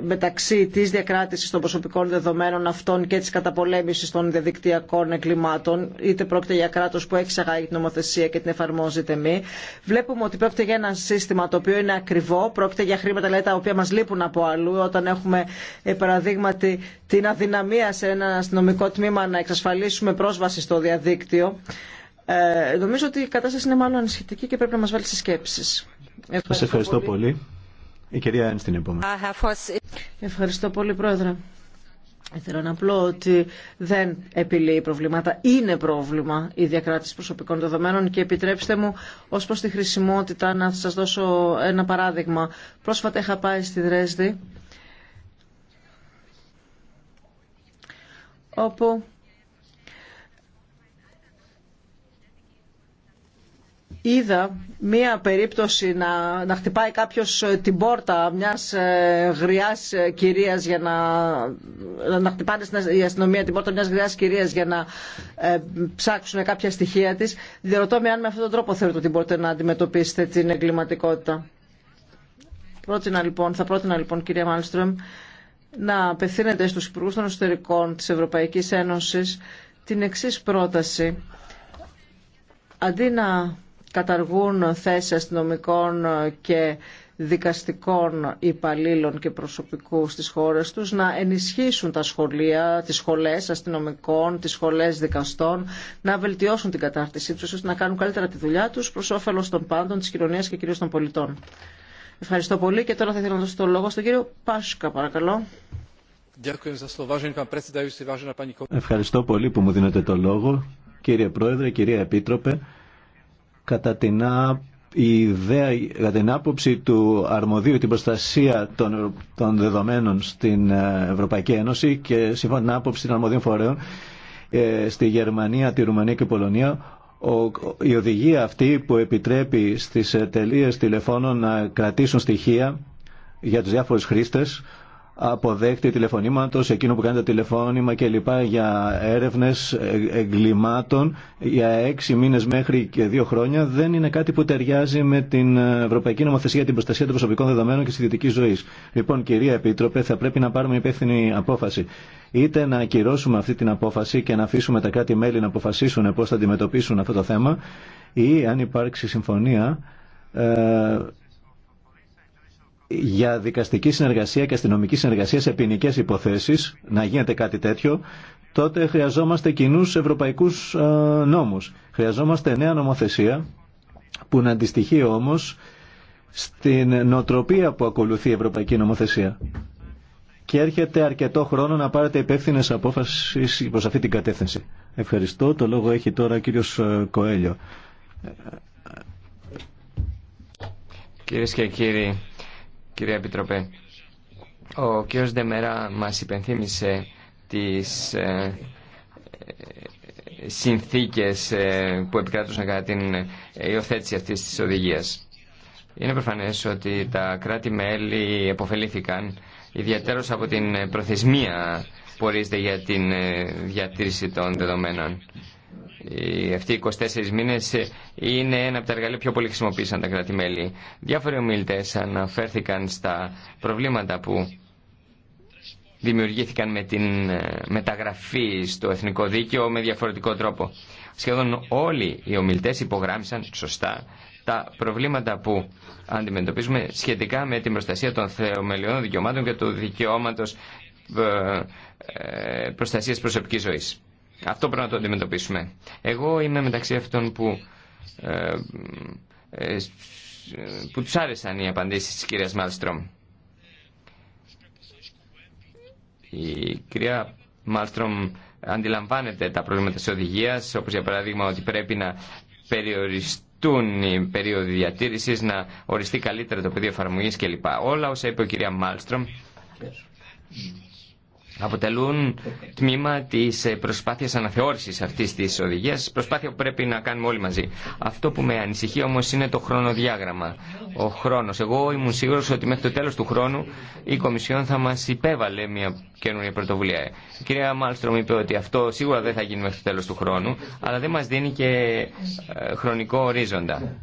μεταξύ της διακράτησης των προσωπικών δεδομένων αυτών και της καταπολέμησης των διαδικτυακών εγκλημάτων, είτε πρόκειται για κράτος που έχει εισαγάγει την νομοθεσία και την εφαρμόζεται μη. Βλέπουμε ότι πρόκειται για ένα σύστημα το οποίο είναι ακριβό, πρόκειται για χρήματα λέει, τα οποία μας λείπουν από αλλού, όταν έχουμε ε, παραδείγματι την αδυναμία σε ένα αστυνομικό τμήμα να εξασφαλίσουμε πρόσβαση στο διαδίκτυο. Ε, νομίζω ότι η κατάσταση είναι μάλλον ανησυχητική και πρέπει να μας βάλει στις σκέψεις. Ευχαριστώ Σας ευχαριστώ πολύ. πολύ. Η κυρία Ένς στην επόμενη. Ευχαριστώ πολύ Πρόεδρε. Θέλω να πω ότι δεν επιλύει προβλήματα. Είναι πρόβλημα η διακράτηση προσωπικών δεδομένων και επιτρέψτε μου ως προς τη χρησιμότητα να σας δώσω ένα παράδειγμα. Πρόσφατα είχα πάει στη Δρέσδη όπου είδα μία περίπτωση να, να χτυπάει κάποιος ε, την πόρτα μιας ε, γριάς ε, κυρίας για να, να χτυπάνε στην αστυνομία την πόρτα μιας γριάς κυρίας για να ε, ψάξουν κάποια στοιχεία της. Διερωτώ με αν με αυτόν τον τρόπο θέλετε ότι μπορείτε να αντιμετωπίσετε την εγκληματικότητα. Πρότεινα, λοιπόν, θα πρότεινα λοιπόν κυρία Μάλστρομ να απευθύνεται στους υπουργούς των εσωτερικών της Ευρωπαϊκής Ένωσης την εξής πρόταση. Αντί να καταργούν θέσεις αστυνομικών και δικαστικών υπαλλήλων και προσωπικού στις χώρες τους να ενισχύσουν τα σχολεία, τις σχολές αστυνομικών, τις σχολές δικαστών, να βελτιώσουν την κατάρτισή τους ώστε να κάνουν καλύτερα τη δουλειά τους προς όφελος των πάντων, της κοινωνίας και κυρίως των πολιτών. Ευχαριστώ πολύ και τώρα θα ήθελα να δώσω το λόγο στον κύριο Πάσκα, παρακαλώ. Ευχαριστώ πολύ που μου δίνετε το λόγο, κύριε Πρόεδρε, κυρία Επίτροπε. Κατά την, ιδέα, κατά την άποψη του αρμοδίου την προστασία των, δεδομένων στην ε, Ευρωπαϊκή Ένωση και σύμφωνα την άποψη των αρμοδίων φορέων ε, στη Γερμανία, τη Ρουμανία και Πολωνία η οδηγία αυτή που επιτρέπει στις εταιρείε τηλεφώνων να κρατήσουν στοιχεία για τους διάφορους χρήστες αποδέκτη τηλεφωνήματο, εκείνο που κάνει το τηλεφώνημα κλπ. για έρευνε εγκλημάτων για έξι μήνε μέχρι και δύο χρόνια δεν είναι κάτι που ταιριάζει με την Ευρωπαϊκή Νομοθεσία για την προστασία των προσωπικών δεδομένων και τη δυτική ζωή. Λοιπόν, κυρία Επίτροπε, θα πρέπει να πάρουμε υπεύθυνη απόφαση. Είτε να ακυρώσουμε αυτή την απόφαση και να αφήσουμε τα κράτη-μέλη να αποφασίσουν πώ θα αντιμετωπίσουν αυτό το θέμα ή αν υπάρξει συμφωνία ε, για δικαστική συνεργασία και αστυνομική συνεργασία σε ποινικέ υποθέσει, να γίνεται κάτι τέτοιο, τότε χρειαζόμαστε κοινού ευρωπαϊκού ε, νόμου. Χρειαζόμαστε νέα νομοθεσία που να αντιστοιχεί όμω στην νοοτροπία που ακολουθεί η ευρωπαϊκή νομοθεσία. Και έρχεται αρκετό χρόνο να πάρετε υπεύθυνε απόφασει προ αυτή την κατεύθυνση. Ευχαριστώ. Το λόγο έχει τώρα ο κύριο ε, Κοέλιο. Κυρίε και κύριοι, Κύριε Επιτροπέ, ο κύριος Δεμερά μας υπενθύμησε τις ε, ε, συνθήκες ε, που επικράτουσαν κατά την υιοθέτηση αυτής της οδηγίας. Είναι προφανές ότι τα κράτη-μέλη επωφελήθηκαν ιδιαίτερως από την προθεσμία που ορίζεται για την διατήρηση των δεδομένων. Ε, αυτοί οι 24 μήνες ε, είναι ένα από τα εργαλεία πιο πολύ χρησιμοποίησαν τα κράτη-μέλη. Διάφοροι ομιλητέ αναφέρθηκαν στα προβλήματα που δημιουργήθηκαν με την ε, μεταγραφή στο εθνικό δίκαιο με διαφορετικό τρόπο. Σχεδόν όλοι οι ομιλητέ υπογράμμισαν σωστά τα προβλήματα που αντιμετωπίζουμε σχετικά με την προστασία των θεομελιών δικαιωμάτων και του δικαιώματο προστασίας προσωπική ζωή. Αυτό πρέπει να το αντιμετωπίσουμε. Εγώ είμαι μεταξύ αυτών που, ε, ε, ε που τους άρεσαν οι απαντήσει της κυρίας Μάλστρομ. Η κυρία Μάλστρομ αντιλαμβάνεται τα προβλήματα τη οδηγία, όπως για παράδειγμα ότι πρέπει να περιοριστούν οι περίοδοι διατήρηση, να οριστεί καλύτερα το πεδίο εφαρμογή κλπ. Όλα όσα είπε η κυρία Μάλστρομ αποτελούν τμήμα της ε, προσπάθειας αναθεώρησης αυτή τη οδηγία. προσπάθεια που πρέπει να κάνουμε όλοι μαζί. Αυτό που με ανησυχεί όμως είναι το χρονοδιάγραμμα, ο χρόνος. Εγώ ήμουν σίγουρος ότι μέχρι το τέλος του χρόνου η Κομισιόν θα μας υπέβαλε μια καινούργια πρωτοβουλία. Η κυρία Μάλστρομ είπε ότι αυτό σίγουρα δεν θα γίνει μέχρι το τέλο του χρόνου, αλλά δεν μα δίνει και ε, χρονικό ορίζοντα.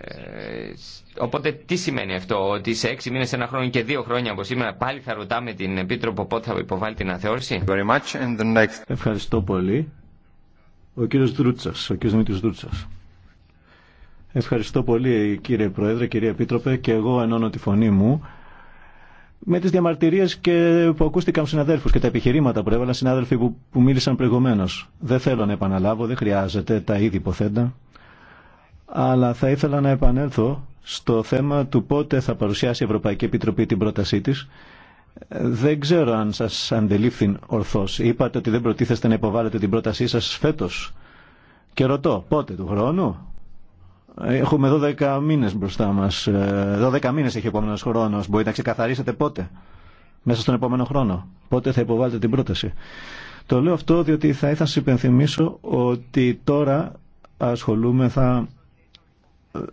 Ε, οπότε τι σημαίνει αυτό, ότι σε έξι μήνες, ένα χρόνο και δύο χρόνια από σήμερα πάλι θα ρωτάμε την Επίτροπο πότε θα υποβάλει την αθεώρηση. Ευχαριστώ πολύ. Ο κύριος Δρούτσας, ο κύριος Δημήτρης Δρούτσας. Ευχαριστώ πολύ κύριε Πρόεδρε, κύριε Επίτροπε και εγώ ενώνω τη φωνή μου με τις διαμαρτυρίες και που ακούστηκαν στους συναδέλφους και τα επιχειρήματα που έβαλαν συνάδελφοι που, μίλησαν προηγουμένως. Δεν θέλω να επαναλάβω, δεν χρειάζεται τα ήδη υποθέντα αλλά θα ήθελα να επανέλθω στο θέμα του πότε θα παρουσιάσει η Ευρωπαϊκή Επιτροπή την πρότασή της. Δεν ξέρω αν σας αντελήφθη ορθώς. Είπατε ότι δεν προτίθεστε να υποβάλλετε την πρότασή σας φέτος. Και ρωτώ, πότε του χρόνου. Έχουμε 12 μήνες μπροστά μας. 12 ε, μήνες έχει ο επόμενος χρόνος. Μπορείτε να ξεκαθαρίσετε πότε. Μέσα στον επόμενο χρόνο. Πότε θα υποβάλλετε την πρόταση. Το λέω αυτό διότι θα ήθελα να σας υπενθυμίσω ότι τώρα ασχολούμεθα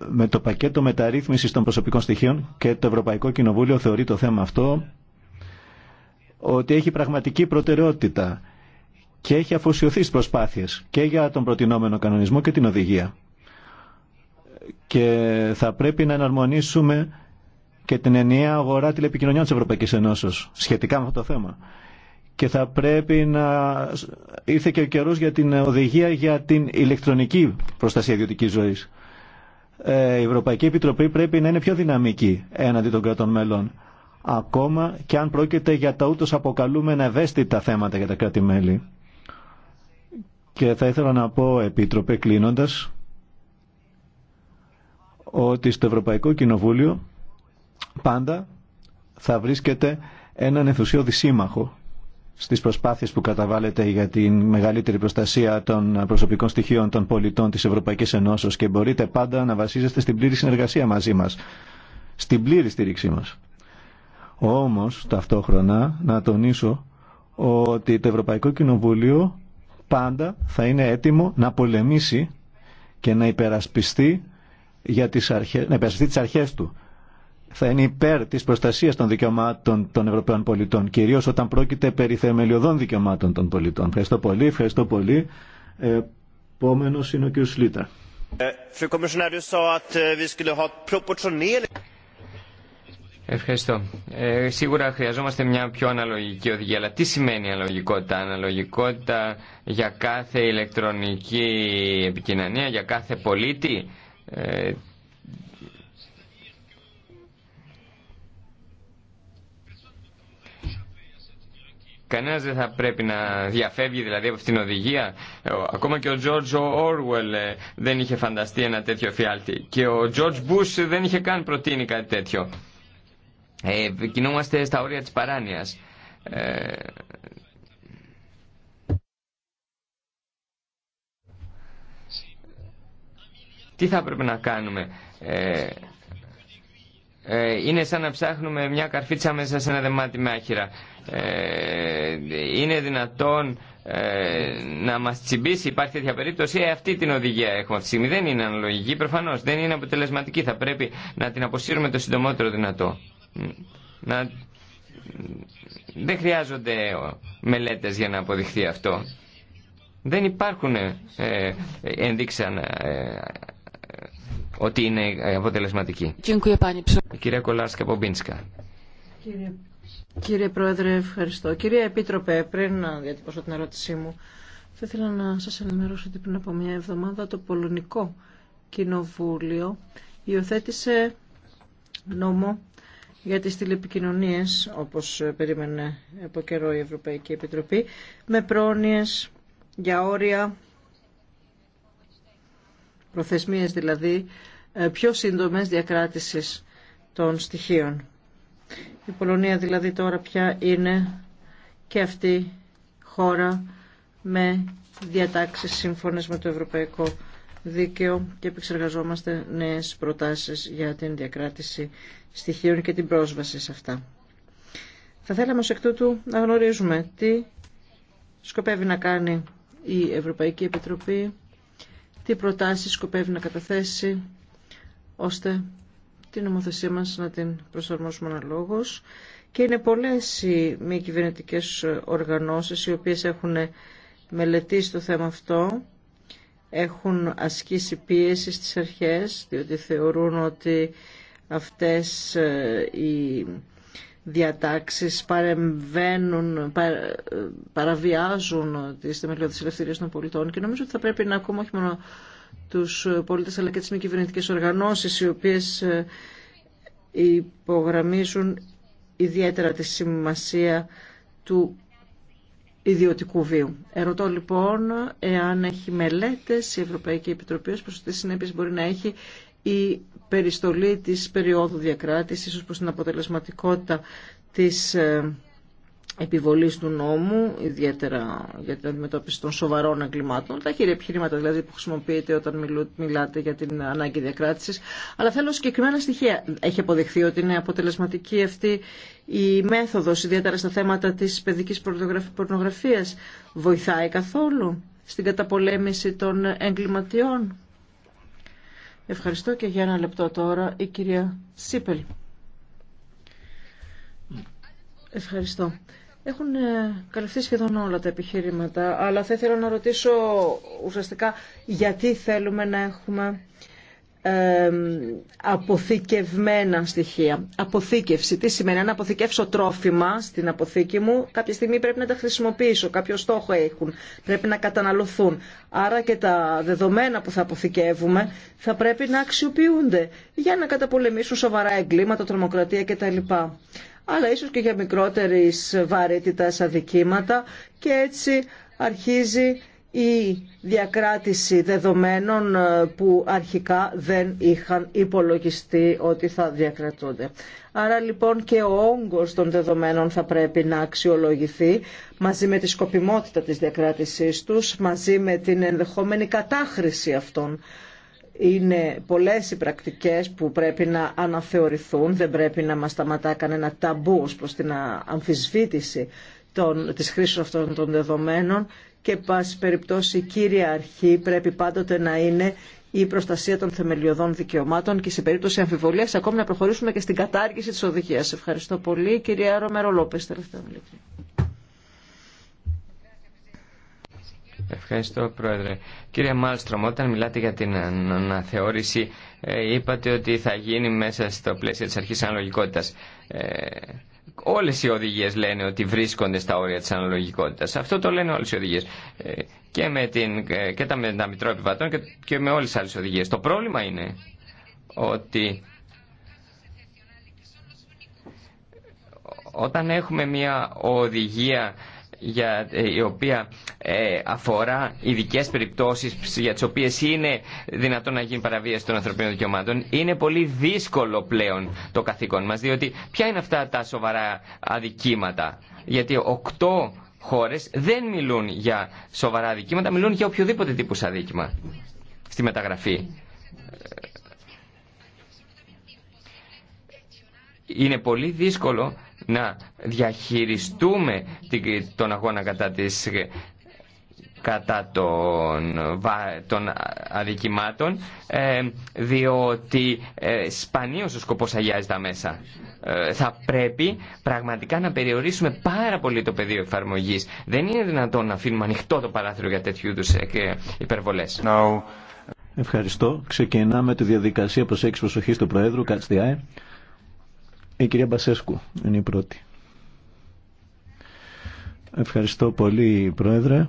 με το πακέτο μεταρρύθμισης των προσωπικών στοιχείων και το Ευρωπαϊκό Κοινοβούλιο θεωρεί το θέμα αυτό ότι έχει πραγματική προτεραιότητα και έχει αφοσιωθεί στις προσπάθειες και για τον προτινόμενο κανονισμό και την οδηγία. Και θα πρέπει να εναρμονίσουμε και την ενιαία αγορά τηλεπικοινωνιών της Ευρωπαϊκής Ενώσεως σχετικά με αυτό το θέμα. Και θα πρέπει να ήρθε και ο καιρός για την οδηγία για την ηλεκτρονική προστασία ιδιωτικής ζωής. Ε, η Ευρωπαϊκή Επιτροπή πρέπει να είναι πιο δυναμική έναντι των κρατών μέλων. Ακόμα και αν πρόκειται για τα ούτως αποκαλούμενα ευαίσθητα θέματα για τα κράτη-μέλη. Και θα ήθελα να πω, Επίτροπε, κλείνοντα, ότι στο Ευρωπαϊκό Κοινοβούλιο πάντα θα βρίσκεται έναν ενθουσιώδη σύμμαχο στις προσπάθειες που καταβάλλετε για τη μεγαλύτερη προστασία των προσωπικών στοιχείων των πολιτών της Ευρωπαϊκής Ενώσεως και μπορείτε πάντα να βασίζεστε στην πλήρη συνεργασία μαζί μας, στην πλήρη στήριξή μας. Όμως, ταυτόχρονα, να τονίσω ότι το Ευρωπαϊκό Κοινοβούλιο πάντα θα είναι έτοιμο να πολεμήσει και να υπερασπιστεί για τις αρχές, να υπερασπιστεί τις αρχές του θα είναι υπέρ τη προστασία των δικαιωμάτων των Ευρωπαίων πολιτών, κυρίω όταν πρόκειται περί θεμελιωδών δικαιωμάτων των πολιτών. Ευχαριστώ πολύ, ευχαριστώ πολύ. Επόμενο είναι ο κ. Σλίτα. Ε, eh, ευχαριστώ. Ε, σίγουρα χρειαζόμαστε μια πιο αναλογική οδηγία. Αλλά τι σημαίνει αναλογικότητα. Αναλογικότητα για κάθε ηλεκτρονική επικοινωνία, για κάθε πολίτη. Ε, Κανένα δεν θα πρέπει να διαφεύγει δηλαδή από αυτήν την οδηγία. Ακόμα και ο George Orwell ε, δεν είχε φανταστεί ένα τέτοιο φιάλτη. Και ο George Bush δεν είχε καν προτείνει κάτι τέτοιο. Ε, κινούμαστε στα όρια της παράνοιας. Ε, τι θα πρέπει να κάνουμε. Ε, ε, είναι σαν να ψάχνουμε μια καρφίτσα μέσα σε ένα δεμάτι με άχυρα. Ε, είναι δυνατόν ε, να μας τσιμπήσει, υπάρχει τέτοια περίπτωση, ε, αυτή την οδηγία έχουμε αυτή τη στιγμή. Δεν είναι αναλογική, προφανώς, δεν είναι αποτελεσματική. Θα πρέπει να την αποσύρουμε το συντομότερο δυνατό. Να... Δεν χρειάζονται μελέτες για να αποδειχθεί αυτό. Δεν υπάρχουν ε, ενδείξαν ότι είναι ε, αποτελεσματική. Κύριε. Κύριε Πρόεδρε, ευχαριστώ. Κύριε Επίτροπε, πριν να διατυπώσω την ερώτησή μου, θα ήθελα να σας ενημερώσω ότι πριν από μια εβδομάδα το Πολωνικό Κοινοβούλιο υιοθέτησε νόμο για τις τηλεπικοινωνίες, όπως περίμενε από καιρό η Ευρωπαϊκή Επιτροπή, με πρόνοιες για όρια προθεσμίες δηλαδή ε, πιο σύντομες διακράτησης των στοιχείων. Η Πολωνία δηλαδή τώρα πια είναι και αυτή χώρα με διατάξεις σύμφωνες με το ευρωπαϊκό δίκαιο και επεξεργαζόμαστε νέες προτάσεις για την διακράτηση στοιχείων και την πρόσβαση σε αυτά. Θα θέλαμε ως εκ τούτου να γνωρίζουμε τι σκοπεύει να κάνει η Ευρωπαϊκή Επιτροπή τι προτάσεις σκοπεύει να καταθέσει ώστε την νομοθεσία μας να την προσαρμόσουμε αναλόγως. Και είναι πολλές οι μη κυβερνητικέ οργανώσεις οι οποίες έχουν μελετήσει το θέμα αυτό, έχουν ασκήσει πίεση στις αρχές, διότι θεωρούν ότι αυτές ε, οι διατάξεις παρεμβαίνουν, παραβιάζουν τις της ελευθερίας των πολιτών και νομίζω ότι θα πρέπει να ακούμε όχι μόνο τους πολίτες αλλά και τις μη κυβερνητικέ οργανώσεις οι οποίες ε, υπογραμμίζουν ιδιαίτερα τη σημασία του ιδιωτικού βίου. Ερωτώ λοιπόν εάν έχει μελέτες η Ευρωπαϊκή Επιτροπή ως προς τι συνέπειες μπορεί να έχει η περιστολή της περίοδου διακράτησης ως προς την αποτελεσματικότητα της ε, επιβολής του νόμου, ιδιαίτερα για την αντιμετώπιση των σοβαρών εγκλημάτων, τα χειρή επιχειρήματα δηλαδή που χρησιμοποιείτε όταν μιλάτε για την ανάγκη διακράτησης. Αλλά θέλω συγκεκριμένα στοιχεία. Έχει αποδειχθεί ότι είναι αποτελεσματική αυτή η μέθοδος, ιδιαίτερα στα θέματα της παιδικής πορνογραφίας. Βοηθάει καθόλου στην καταπολέμηση των εγκληματιών. Ευχαριστώ και για ένα λεπτό τώρα η κυρία Σίπελ. Ευχαριστώ. Έχουν ε, καλυφθεί σχεδόν όλα τα επιχείρηματα, αλλά θα ήθελα να ρωτήσω ουσιαστικά γιατί θέλουμε να έχουμε αποθηκευμένα στοιχεία. Αποθήκευση. Τι σημαίνει, αν αποθηκεύσω τρόφιμα στην αποθήκη μου, κάποια στιγμή πρέπει να τα χρησιμοποιήσω, κάποιο στόχο έχουν, πρέπει να καταναλωθούν. Άρα και τα δεδομένα που θα αποθηκεύουμε θα πρέπει να αξιοποιούνται για να καταπολεμήσουν σοβαρά εγκλήματα, τρομοκρατία κτλ αλλά ίσως και για μικρότερης βαρύτητας αδικήματα και έτσι αρχίζει η διακράτηση δεδομένων ε, που αρχικά δεν είχαν υπολογιστεί ότι θα διακρατούνται. Άρα λοιπόν και ο όγκος των δεδομένων θα πρέπει να αξιολογηθεί μαζί με τη σκοπιμότητα της διακράτησής τους, μαζί με την ενδεχόμενη κατάχρηση αυτών. Είναι πολλές οι πρακτικές που πρέπει να αναθεωρηθούν, δεν πρέπει να μας σταματά κανένα ταμπού προς την αμφισβήτηση των, της χρήσης αυτών των δεδομένων και πάση περιπτώσει κύρια αρχή πρέπει πάντοτε να είναι η προστασία των θεμελιωδών δικαιωμάτων και σε περίπτωση αμφιβολίας ακόμη να προχωρήσουμε και στην κατάργηση της οδηγίας. Ευχαριστώ πολύ. Κυρία Ρωμέρο Λόπες, τελευταία Ευχαριστώ, Πρόεδρε. Κύριε Μάλστρομ, όταν μιλάτε για την αναθεώρηση, ε, είπατε ότι θα γίνει μέσα στο πλαίσιο της αρχής αναλογικότητας. Ε, Όλες οι οδηγίες λένε ότι βρίσκονται στα όρια της αναλογικότητας. Αυτό το λένε όλες οι οδηγίες. Ε, και με, την, ε, και τα, με τα Μητρό Επιβατών και, και με όλες τις άλλες οδηγίες. Το πρόβλημα είναι ότι όταν έχουμε μια οδηγία για, ε, η οποία ε, αφορά ειδικέ περιπτώσεις για τις οποίες είναι δυνατόν να γίνει παραβίαση των ανθρωπίνων δικαιωμάτων είναι πολύ δύσκολο πλέον το καθήκον μας διότι ποια είναι αυτά τα σοβαρά αδικήματα γιατί οκτώ χώρες δεν μιλούν για σοβαρά αδικήματα μιλούν για οποιοδήποτε τύπου αδίκημα στη μεταγραφή ε, είναι πολύ δύσκολο να διαχειριστούμε τον αγώνα κατά της κατά των, των αδικημάτων ε, διότι ε, σπανίως ο σκοπός αγιάζει τα μέσα. Ε, θα πρέπει πραγματικά να περιορίσουμε πάρα πολύ το πεδίο εφαρμογής. Δεν είναι δυνατόν να αφήνουμε ανοιχτό το παράθυρο για τέτοιου είδους υπερβολές. Ευχαριστώ. Ξεκινάμε τη διαδικασία προσέξης προσοχής του Προέδρου. Κατστιάε. Η κυρία Μπασέσκου είναι η πρώτη. Ευχαριστώ πολύ, Πρόεδρε.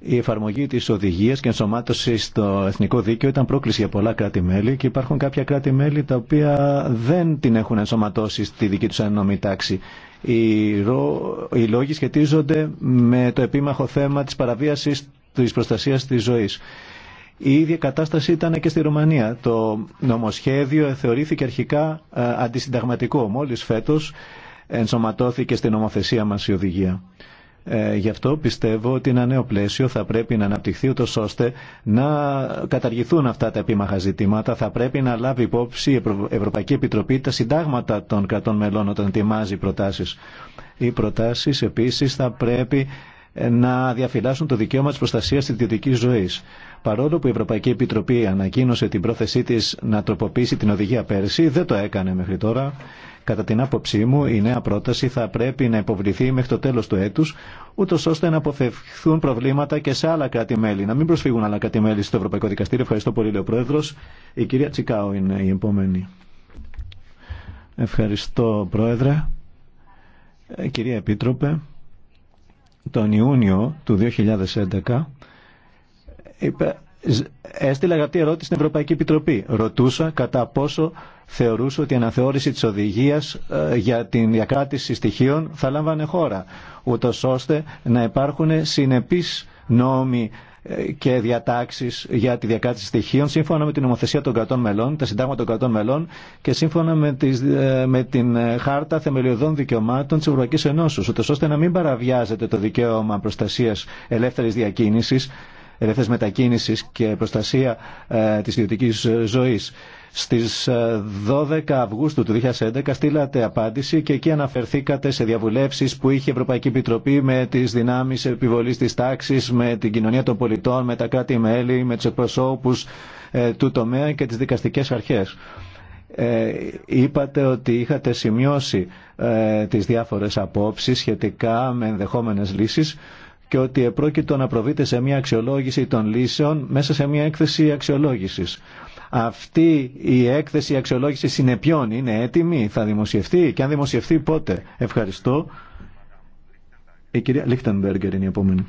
Η εφαρμογή τη οδηγία και ενσωμάτωση στο εθνικό δίκαιο ήταν πρόκληση για πολλά κράτη-μέλη και υπάρχουν κάποια κράτη-μέλη τα οποία δεν την έχουν ενσωματώσει στη δική του ανενομή τάξη. Οι, οι λόγοι σχετίζονται με το επίμαχο θέμα τη παραβίαση τη προστασία τη ζωή. Η ίδια κατάσταση ήταν και στη Ρουμανία. Το νομοσχέδιο θεωρήθηκε αρχικά ε, αντισυνταγματικό. Μόλις φέτος ενσωματώθηκε στην νομοθεσία μας η οδηγία. Ε, γι' αυτό πιστεύω ότι ένα νέο πλαίσιο θα πρέπει να αναπτυχθεί ούτως ώστε να καταργηθούν αυτά τα επίμαχα ζητήματα. Θα πρέπει να λάβει υπόψη η Ευρωπαϊκή Επιτροπή τα συντάγματα των κρατών μελών όταν ετοιμάζει προτάσεις. Οι προτάσεις επίσης θα πρέπει να διαφυλάσσουν το δικαίωμα τη προστασία της ιδιωτικής ζωής. Παρόλο που η Ευρωπαϊκή Επιτροπή ανακοίνωσε την πρόθεσή τη να τροποποιήσει την οδηγία πέρσι, δεν το έκανε μέχρι τώρα. Κατά την άποψή μου, η νέα πρόταση θα πρέπει να υποβληθεί μέχρι το τέλο του έτου, ούτω ώστε να αποφευχθούν προβλήματα και σε άλλα κράτη-μέλη. Να μην προσφύγουν άλλα κράτη-μέλη στο Ευρωπαϊκό Δικαστήριο. Ευχαριστώ πολύ, λέει ο πρόεδρο. Η κυρία Τσικάου είναι η επόμενη. Ευχαριστώ, Πρόεδρε. Ε, κυρία Επίτροπε τον Ιούνιο του 2011 είπε, έστειλα γραπτή ερώτηση στην Ευρωπαϊκή Επιτροπή. Ρωτούσα κατά πόσο θεωρούσε ότι η αναθεώρηση της οδηγίας ε, για την διακράτηση στοιχείων θα λάμβανε χώρα, ούτως ώστε να υπάρχουν συνεπείς νόμοι και διατάξει για τη διακάτηση στοιχείων σύμφωνα με την νομοθεσία των κρατών μελών, τα συντάγματα των κρατών μελών και σύμφωνα με, τις, ε, με την ε, Χάρτα Θεμελιωδών Δικαιωμάτων τη Ευρωπαϊκή Ενώσεω, ώστε να μην παραβιάζεται το δικαίωμα προστασία ελεύθερη διακίνηση ελεύθερης μετακίνηση και προστασία ε, της ιδιωτικής ζωής. Στις 12 ε, Αυγούστου του 2011 στείλατε απάντηση και εκεί αναφερθήκατε σε διαβουλεύσεις που είχε η Ευρωπαϊκή Επιτροπή με τις δυνάμεις επιβολής της τάξης, με την κοινωνία των πολιτών, με τα κράτη-μέλη, με τους εκπροσώπους ε, του τομέα και τις δικαστικές αρχές. Ε, είπατε ότι είχατε σημειώσει ε, τις διάφορες απόψεις σχετικά με ενδεχόμενες λύσεις και ότι επρόκειτο να προβείτε σε μια αξιολόγηση των λύσεων μέσα σε μια έκθεση αξιολόγησης. Αυτή η έκθεση αξιολόγηση ποιον, είναι έτοιμη, θα δημοσιευτεί και αν δημοσιευτεί πότε. Ευχαριστώ. Η κυρία Λίχτενμπεργκερ είναι η επόμενη.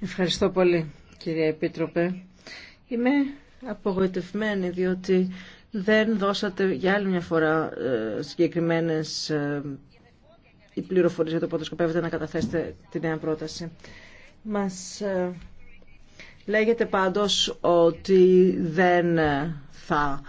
Ευχαριστώ πολύ κυρία Επίτροπε. Είμαι απογοητευμένη διότι δεν δώσατε για άλλη μια φορά ε, συγκεκριμένες ε, οι πληροφορίες για το πότε σκοπεύετε να καταθέσετε τη νέα πρόταση. Μας ε, λέγεται πάντως ότι δεν ε, θα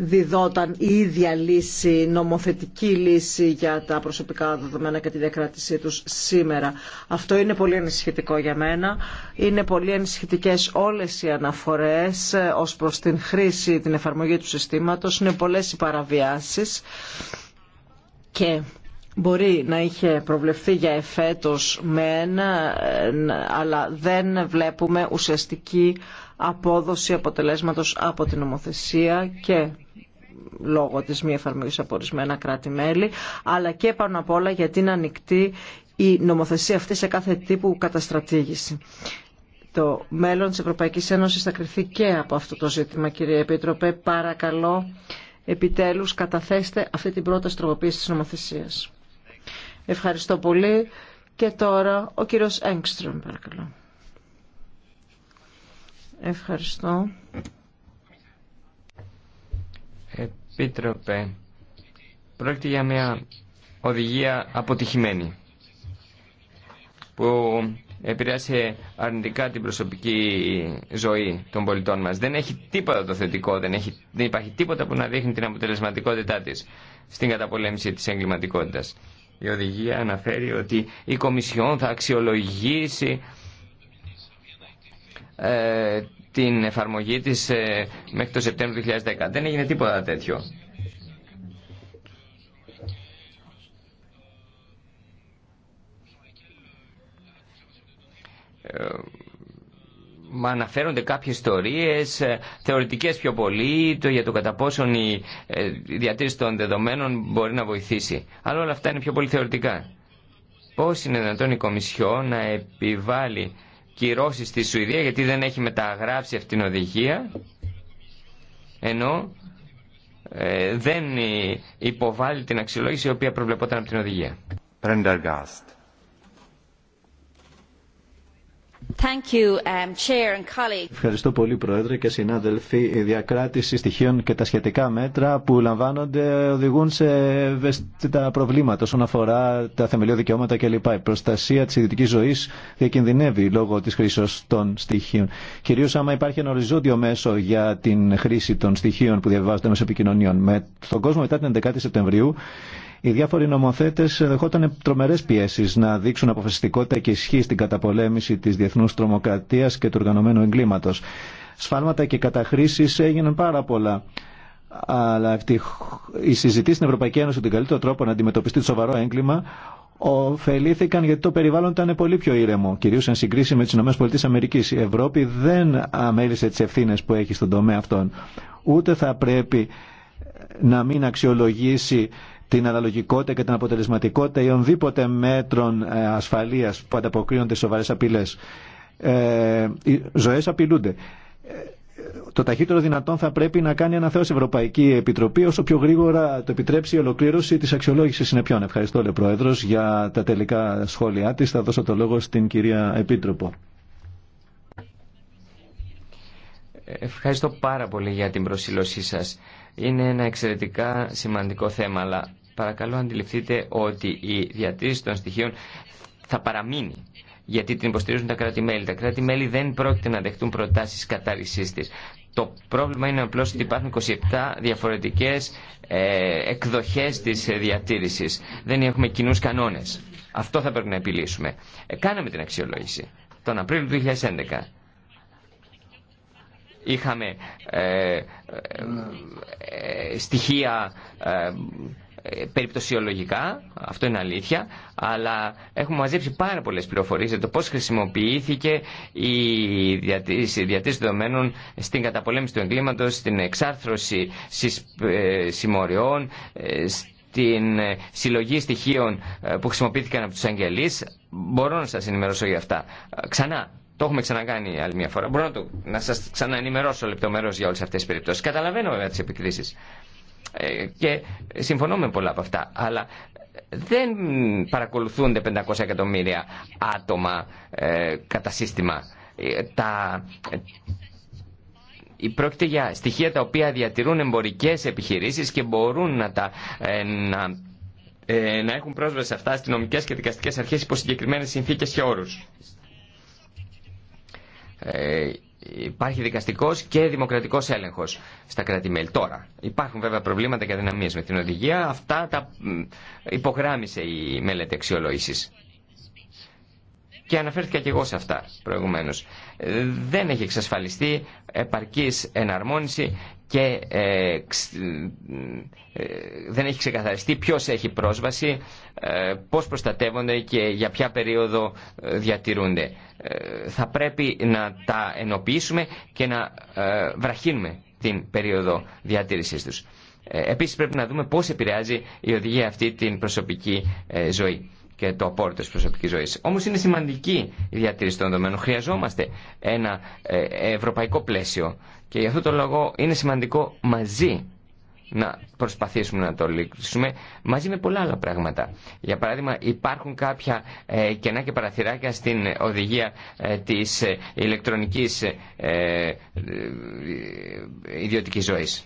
διδόταν η ίδια λύση, νομοθετική λύση για τα προσωπικά δεδομένα και τη διακράτησή τους σήμερα. Αυτό είναι πολύ ανησυχητικό για μένα. Είναι πολύ ενισχυτικές όλες οι αναφορές ε, ως προς την χρήση, την εφαρμογή του συστήματος. Είναι πολλές οι παραβιάσεις και μπορεί να είχε προβλεφθεί για εφέτος ένα, ε, αλλά δεν βλέπουμε ουσιαστική απόδοση αποτελέσματος από την νομοθεσία και λόγω της μη εφαρμογής από ορισμένα κράτη-μέλη, αλλά και πάνω απ' όλα γιατί είναι ανοιχτή η νομοθεσία αυτή σε κάθε τύπου καταστρατήγηση. Το μέλλον της Ευρωπαϊκής Ένωσης θα κρυθεί και από αυτό το ζήτημα, κύριε Επίτροπε. Παρακαλώ, επιτέλους, καταθέστε αυτή την πρόταση τροποποίηση της νομοθεσίας. Ευχαριστώ πολύ. Και τώρα ο κύριος Έγκστρομ, παρακαλώ. Ευχαριστώ. Επίτροπε, πρόκειται για μια οδηγία αποτυχημένη που επηρέασε αρνητικά την προσωπική ζωή των πολιτών μας. Δεν έχει τίποτα το θετικό, δεν, έχει, δεν υπάρχει τίποτα που να δείχνει την αποτελεσματικότητά της στην καταπολέμηση της εγκληματικότητας. Η οδηγία αναφέρει ότι η Κομισιόν θα αξιολογήσει ε, την εφαρμογή της ε, μέχρι το Σεπτέμβριο του 2010. Δεν έγινε τίποτα τέτοιο. Ε, Μα αναφέρονται κάποιες ιστορίες, ε, θεωρητικές πιο πολύ, το για το κατά πόσον ε, η διατήρηση των δεδομένων μπορεί να βοηθήσει. Αλλά όλα αυτά είναι πιο πολύ θεωρητικά. Πώς είναι δυνατόν η Κομισιό να επιβάλλει κυρώσει στη Σουηδία γιατί δεν έχει μεταγράψει αυτήν την οδηγία, ενώ ε, δεν υποβάλλει την αξιολόγηση η οποία προβλεπόταν από την οδηγία. Um, Ευχαριστώ πολύ Πρόεδρε και συνάδελφοι. Η διακράτηση στοιχείων και τα σχετικά μέτρα που λαμβάνονται οδηγούν σε ευαίσθητα προβλήματα όσον αφορά τα θεμελιώδη δικαιώματα κλπ. Η προστασία της ιδιωτικής ζωής διακινδυνεύει λόγω της χρήσης των στοιχείων. Κυρίως άμα υπάρχει ένα οριζόντιο μέσο για την χρήση των στοιχείων που διαβάζονται μέσω επικοινωνίων. Με τον κόσμο μετά την 11η Σεπτεμβρίου οι διάφοροι νομοθέτε δεχόταν τρομερέ πιέσει να δείξουν αποφασιστικότητα και ισχύ στην καταπολέμηση τη διεθνού τρομοκρατία και του οργανωμένου εγκλήματο. Σφάλματα και καταχρήσει έγιναν πάρα πολλά. Αλλά οι συζητήσει στην Ευρωπαϊκή Ένωση για τον καλύτερο τρόπο να αντιμετωπιστεί το σοβαρό έγκλημα ωφελήθηκαν γιατί το περιβάλλον ήταν πολύ πιο ήρεμο, κυρίως σε συγκρίση με τι ΗΠΑ. Η Ευρώπη δεν αμέλησε τι ευθύνε που έχει στον τομέα αυτόν. Ούτε θα πρέπει να μην αξιολογήσει την αναλογικότητα και την αποτελεσματικότητα ή ονδήποτε μέτρων ε, ασφαλείας που ανταποκρίνονται σοβαρές απειλές. Ε, οι ζωές απειλούνται. Ε, το ταχύτερο δυνατόν θα πρέπει να κάνει αναθέω Ευρωπαϊκή Επιτροπή όσο πιο γρήγορα το επιτρέψει η ολοκλήρωση τη αξιολόγηση συνεπιών. Ευχαριστώ, Λε Πρόεδρο, για τα τελικά σχόλιά τη. Θα δώσω το λόγο στην κυρία Επίτροπο. Ευχαριστώ πάρα πολύ για την προσήλωσή σας. Είναι ένα εξαιρετικά σημαντικό θέμα, αλλά Παρακαλώ αντιληφθείτε ότι η διατήρηση των στοιχείων θα παραμείνει γιατί την υποστηρίζουν τα κράτη-μέλη. Τα κράτη-μέλη δεν πρόκειται να δεχτούν προτάσεις κατάρρισής της. Το πρόβλημα είναι απλώ ότι υπάρχουν 27 διαφορετικέ ε, εκδοχέ τη διατήρηση. Δεν έχουμε κοινού κανόνε. Αυτό θα πρέπει να επιλύσουμε. Ε, κάναμε την αξιολόγηση τον Απρίλιο του 2011. Είχαμε ε, ε, στοιχεία ε, περιπτωσιολογικά, αυτό είναι αλήθεια, αλλά έχουμε μαζέψει πάρα πολλές πληροφορίες για το πώς χρησιμοποιήθηκε η διατήρηση δεδομένων στην καταπολέμηση του εγκλήματος, στην εξάρθρωση ε, συμμοριών, ε, στην συλλογή στοιχείων που χρησιμοποιήθηκαν από τους αγγελείς. Μπορώ να σας ενημερώσω για αυτά. Ξανά, το έχουμε ξανακάνει άλλη μια φορά. Μπορώ να, το, να σας ξαναενημερώσω λεπτομέρως για όλες αυτές τις περιπτώσεις. Καταλαβαίνω βέβαια τις επικρίσεις. Ε, και συμφωνώ με πολλά από αυτά, αλλά δεν παρακολουθούνται 500 εκατομμύρια άτομα ε, κατά σύστημα. Ε, τα, πρόκειται για στοιχεία τα οποία διατηρούν εμπορικές επιχειρήσεις και μπορούν να τα... να, έχουν πρόσβαση σε αυτά αστυνομικέ και δικαστικές αρχές υπό συγκεκριμένες συνθήκες και όρους υπάρχει δικαστικός και δημοκρατικός έλεγχος στα κράτη-μέλη. Τώρα, υπάρχουν βέβαια προβλήματα και αδυναμίε με την οδηγία. Αυτά τα υπογράμισε η μελέτη αξιολόγηση και αναφέρθηκα και εγώ σε αυτά προηγουμένως. Δεν έχει εξασφαλιστεί επαρκής εναρμόνιση και ε, ε, δεν έχει ξεκαθαριστεί ποιος έχει πρόσβαση, ε, πώς προστατεύονται και για ποια περίοδο διατηρούνται. Θα πρέπει να τα ενοποιήσουμε και να βραχύνουμε την περίοδο διατήρησής τους. Επίσης πρέπει να δούμε πώς επηρεάζει η οδηγία αυτή την προσωπική ζωή και το απόρριτο τη προσωπική ζωή. Όμω είναι σημαντική η διατήρηση των δεδομένων. Χρειαζόμαστε ένα ε, ευρωπαϊκό πλαίσιο και γι' αυτό το λόγο είναι σημαντικό μαζί να προσπαθήσουμε να το λύσουμε μαζί με πολλά άλλα πράγματα. Για παράδειγμα, υπάρχουν κάποια ε, κενά και παραθυράκια στην οδηγία ε, της ηλεκτρονικής ιδιωτικής ζωής.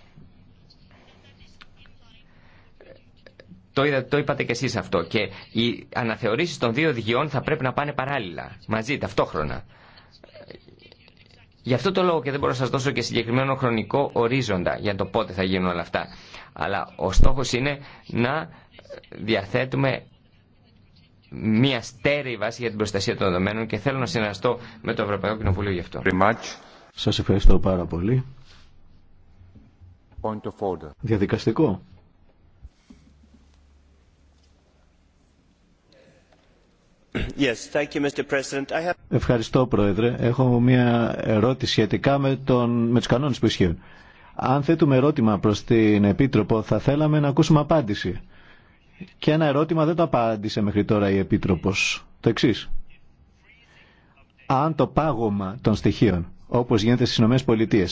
Το, είδα, το είπατε και εσείς αυτό. Και οι αναθεωρήσεις των δύο οδηγιών θα πρέπει να πάνε παράλληλα, μαζί, ταυτόχρονα. Γι' αυτό το λόγο και δεν μπορώ να σας δώσω και συγκεκριμένο χρονικό ορίζοντα για το πότε θα γίνουν όλα αυτά. Αλλά ο στόχος είναι να διαθέτουμε μια στέρεη βάση για την προστασία των δεδομένων και θέλω να συνεργαστώ με το Ευρωπαϊκό Κοινοβούλιο γι' αυτό. Σας ευχαριστώ πάρα πολύ. Διαδικαστικό. Ευχαριστώ, Πρόεδρε. Έχω μια ερώτηση σχετικά με, με τους κανόνες που ισχύουν. Αν θέτουμε ερώτημα προς την Επίτροπο, θα θέλαμε να ακούσουμε απάντηση. Και ένα ερώτημα δεν το απάντησε μέχρι τώρα η Επίτροπος. Το εξή. Αν το πάγωμα των στοιχείων, όπως γίνεται στις ΗΠΑ,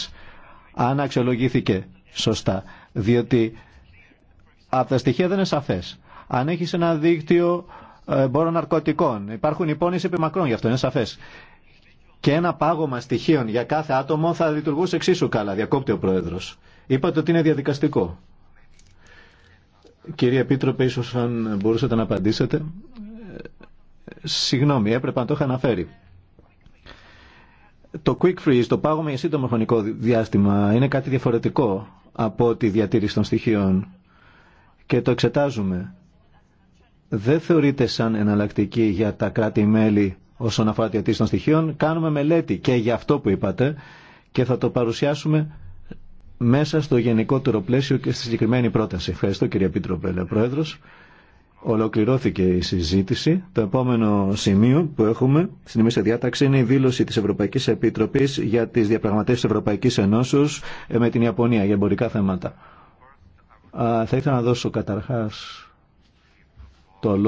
αν αξιολογήθηκε σωστά, διότι από τα στοιχεία δεν είναι σαφές. Αν έχεις ένα δίκτυο ε, εμπόρων ναρκωτικών. Υπάρχουν υπόνοιες επιμακρών γι' αυτό, είναι σαφέ. Και ένα πάγωμα στοιχείων για κάθε άτομο θα λειτουργούσε εξίσου καλά, διακόπτει ο πρόεδρο. Είπατε ότι είναι διαδικαστικό. Κύριε Επίτροπε, ίσω αν μπορούσατε να απαντήσετε. Ε, συγγνώμη, έπρεπε να το είχα αναφέρει. Το quick freeze, το πάγωμα για σύντομο χρονικό διάστημα, είναι κάτι διαφορετικό από τη διατήρηση των στοιχείων και το εξετάζουμε δεν θεωρείται σαν εναλλακτική για τα κράτη-μέλη όσον αφορά τη διατήρηση των στοιχείων. Κάνουμε μελέτη και για αυτό που είπατε και θα το παρουσιάσουμε μέσα στο γενικότερο πλαίσιο και στη συγκεκριμένη πρόταση. Ευχαριστώ κύριε Επίτροπε, λέει Πρόεδρος. Ολοκληρώθηκε η συζήτηση. Το επόμενο σημείο που έχουμε στην τη διάταξη είναι η δήλωση της Ευρωπαϊκής Επιτροπής για τις διαπραγματεύσεις Ευρωπαϊκής Ενώσεως ε, με την Ιαπωνία για εμπορικά θέματα. Α, θα ήθελα να δώσω καταρχάς το λόγο.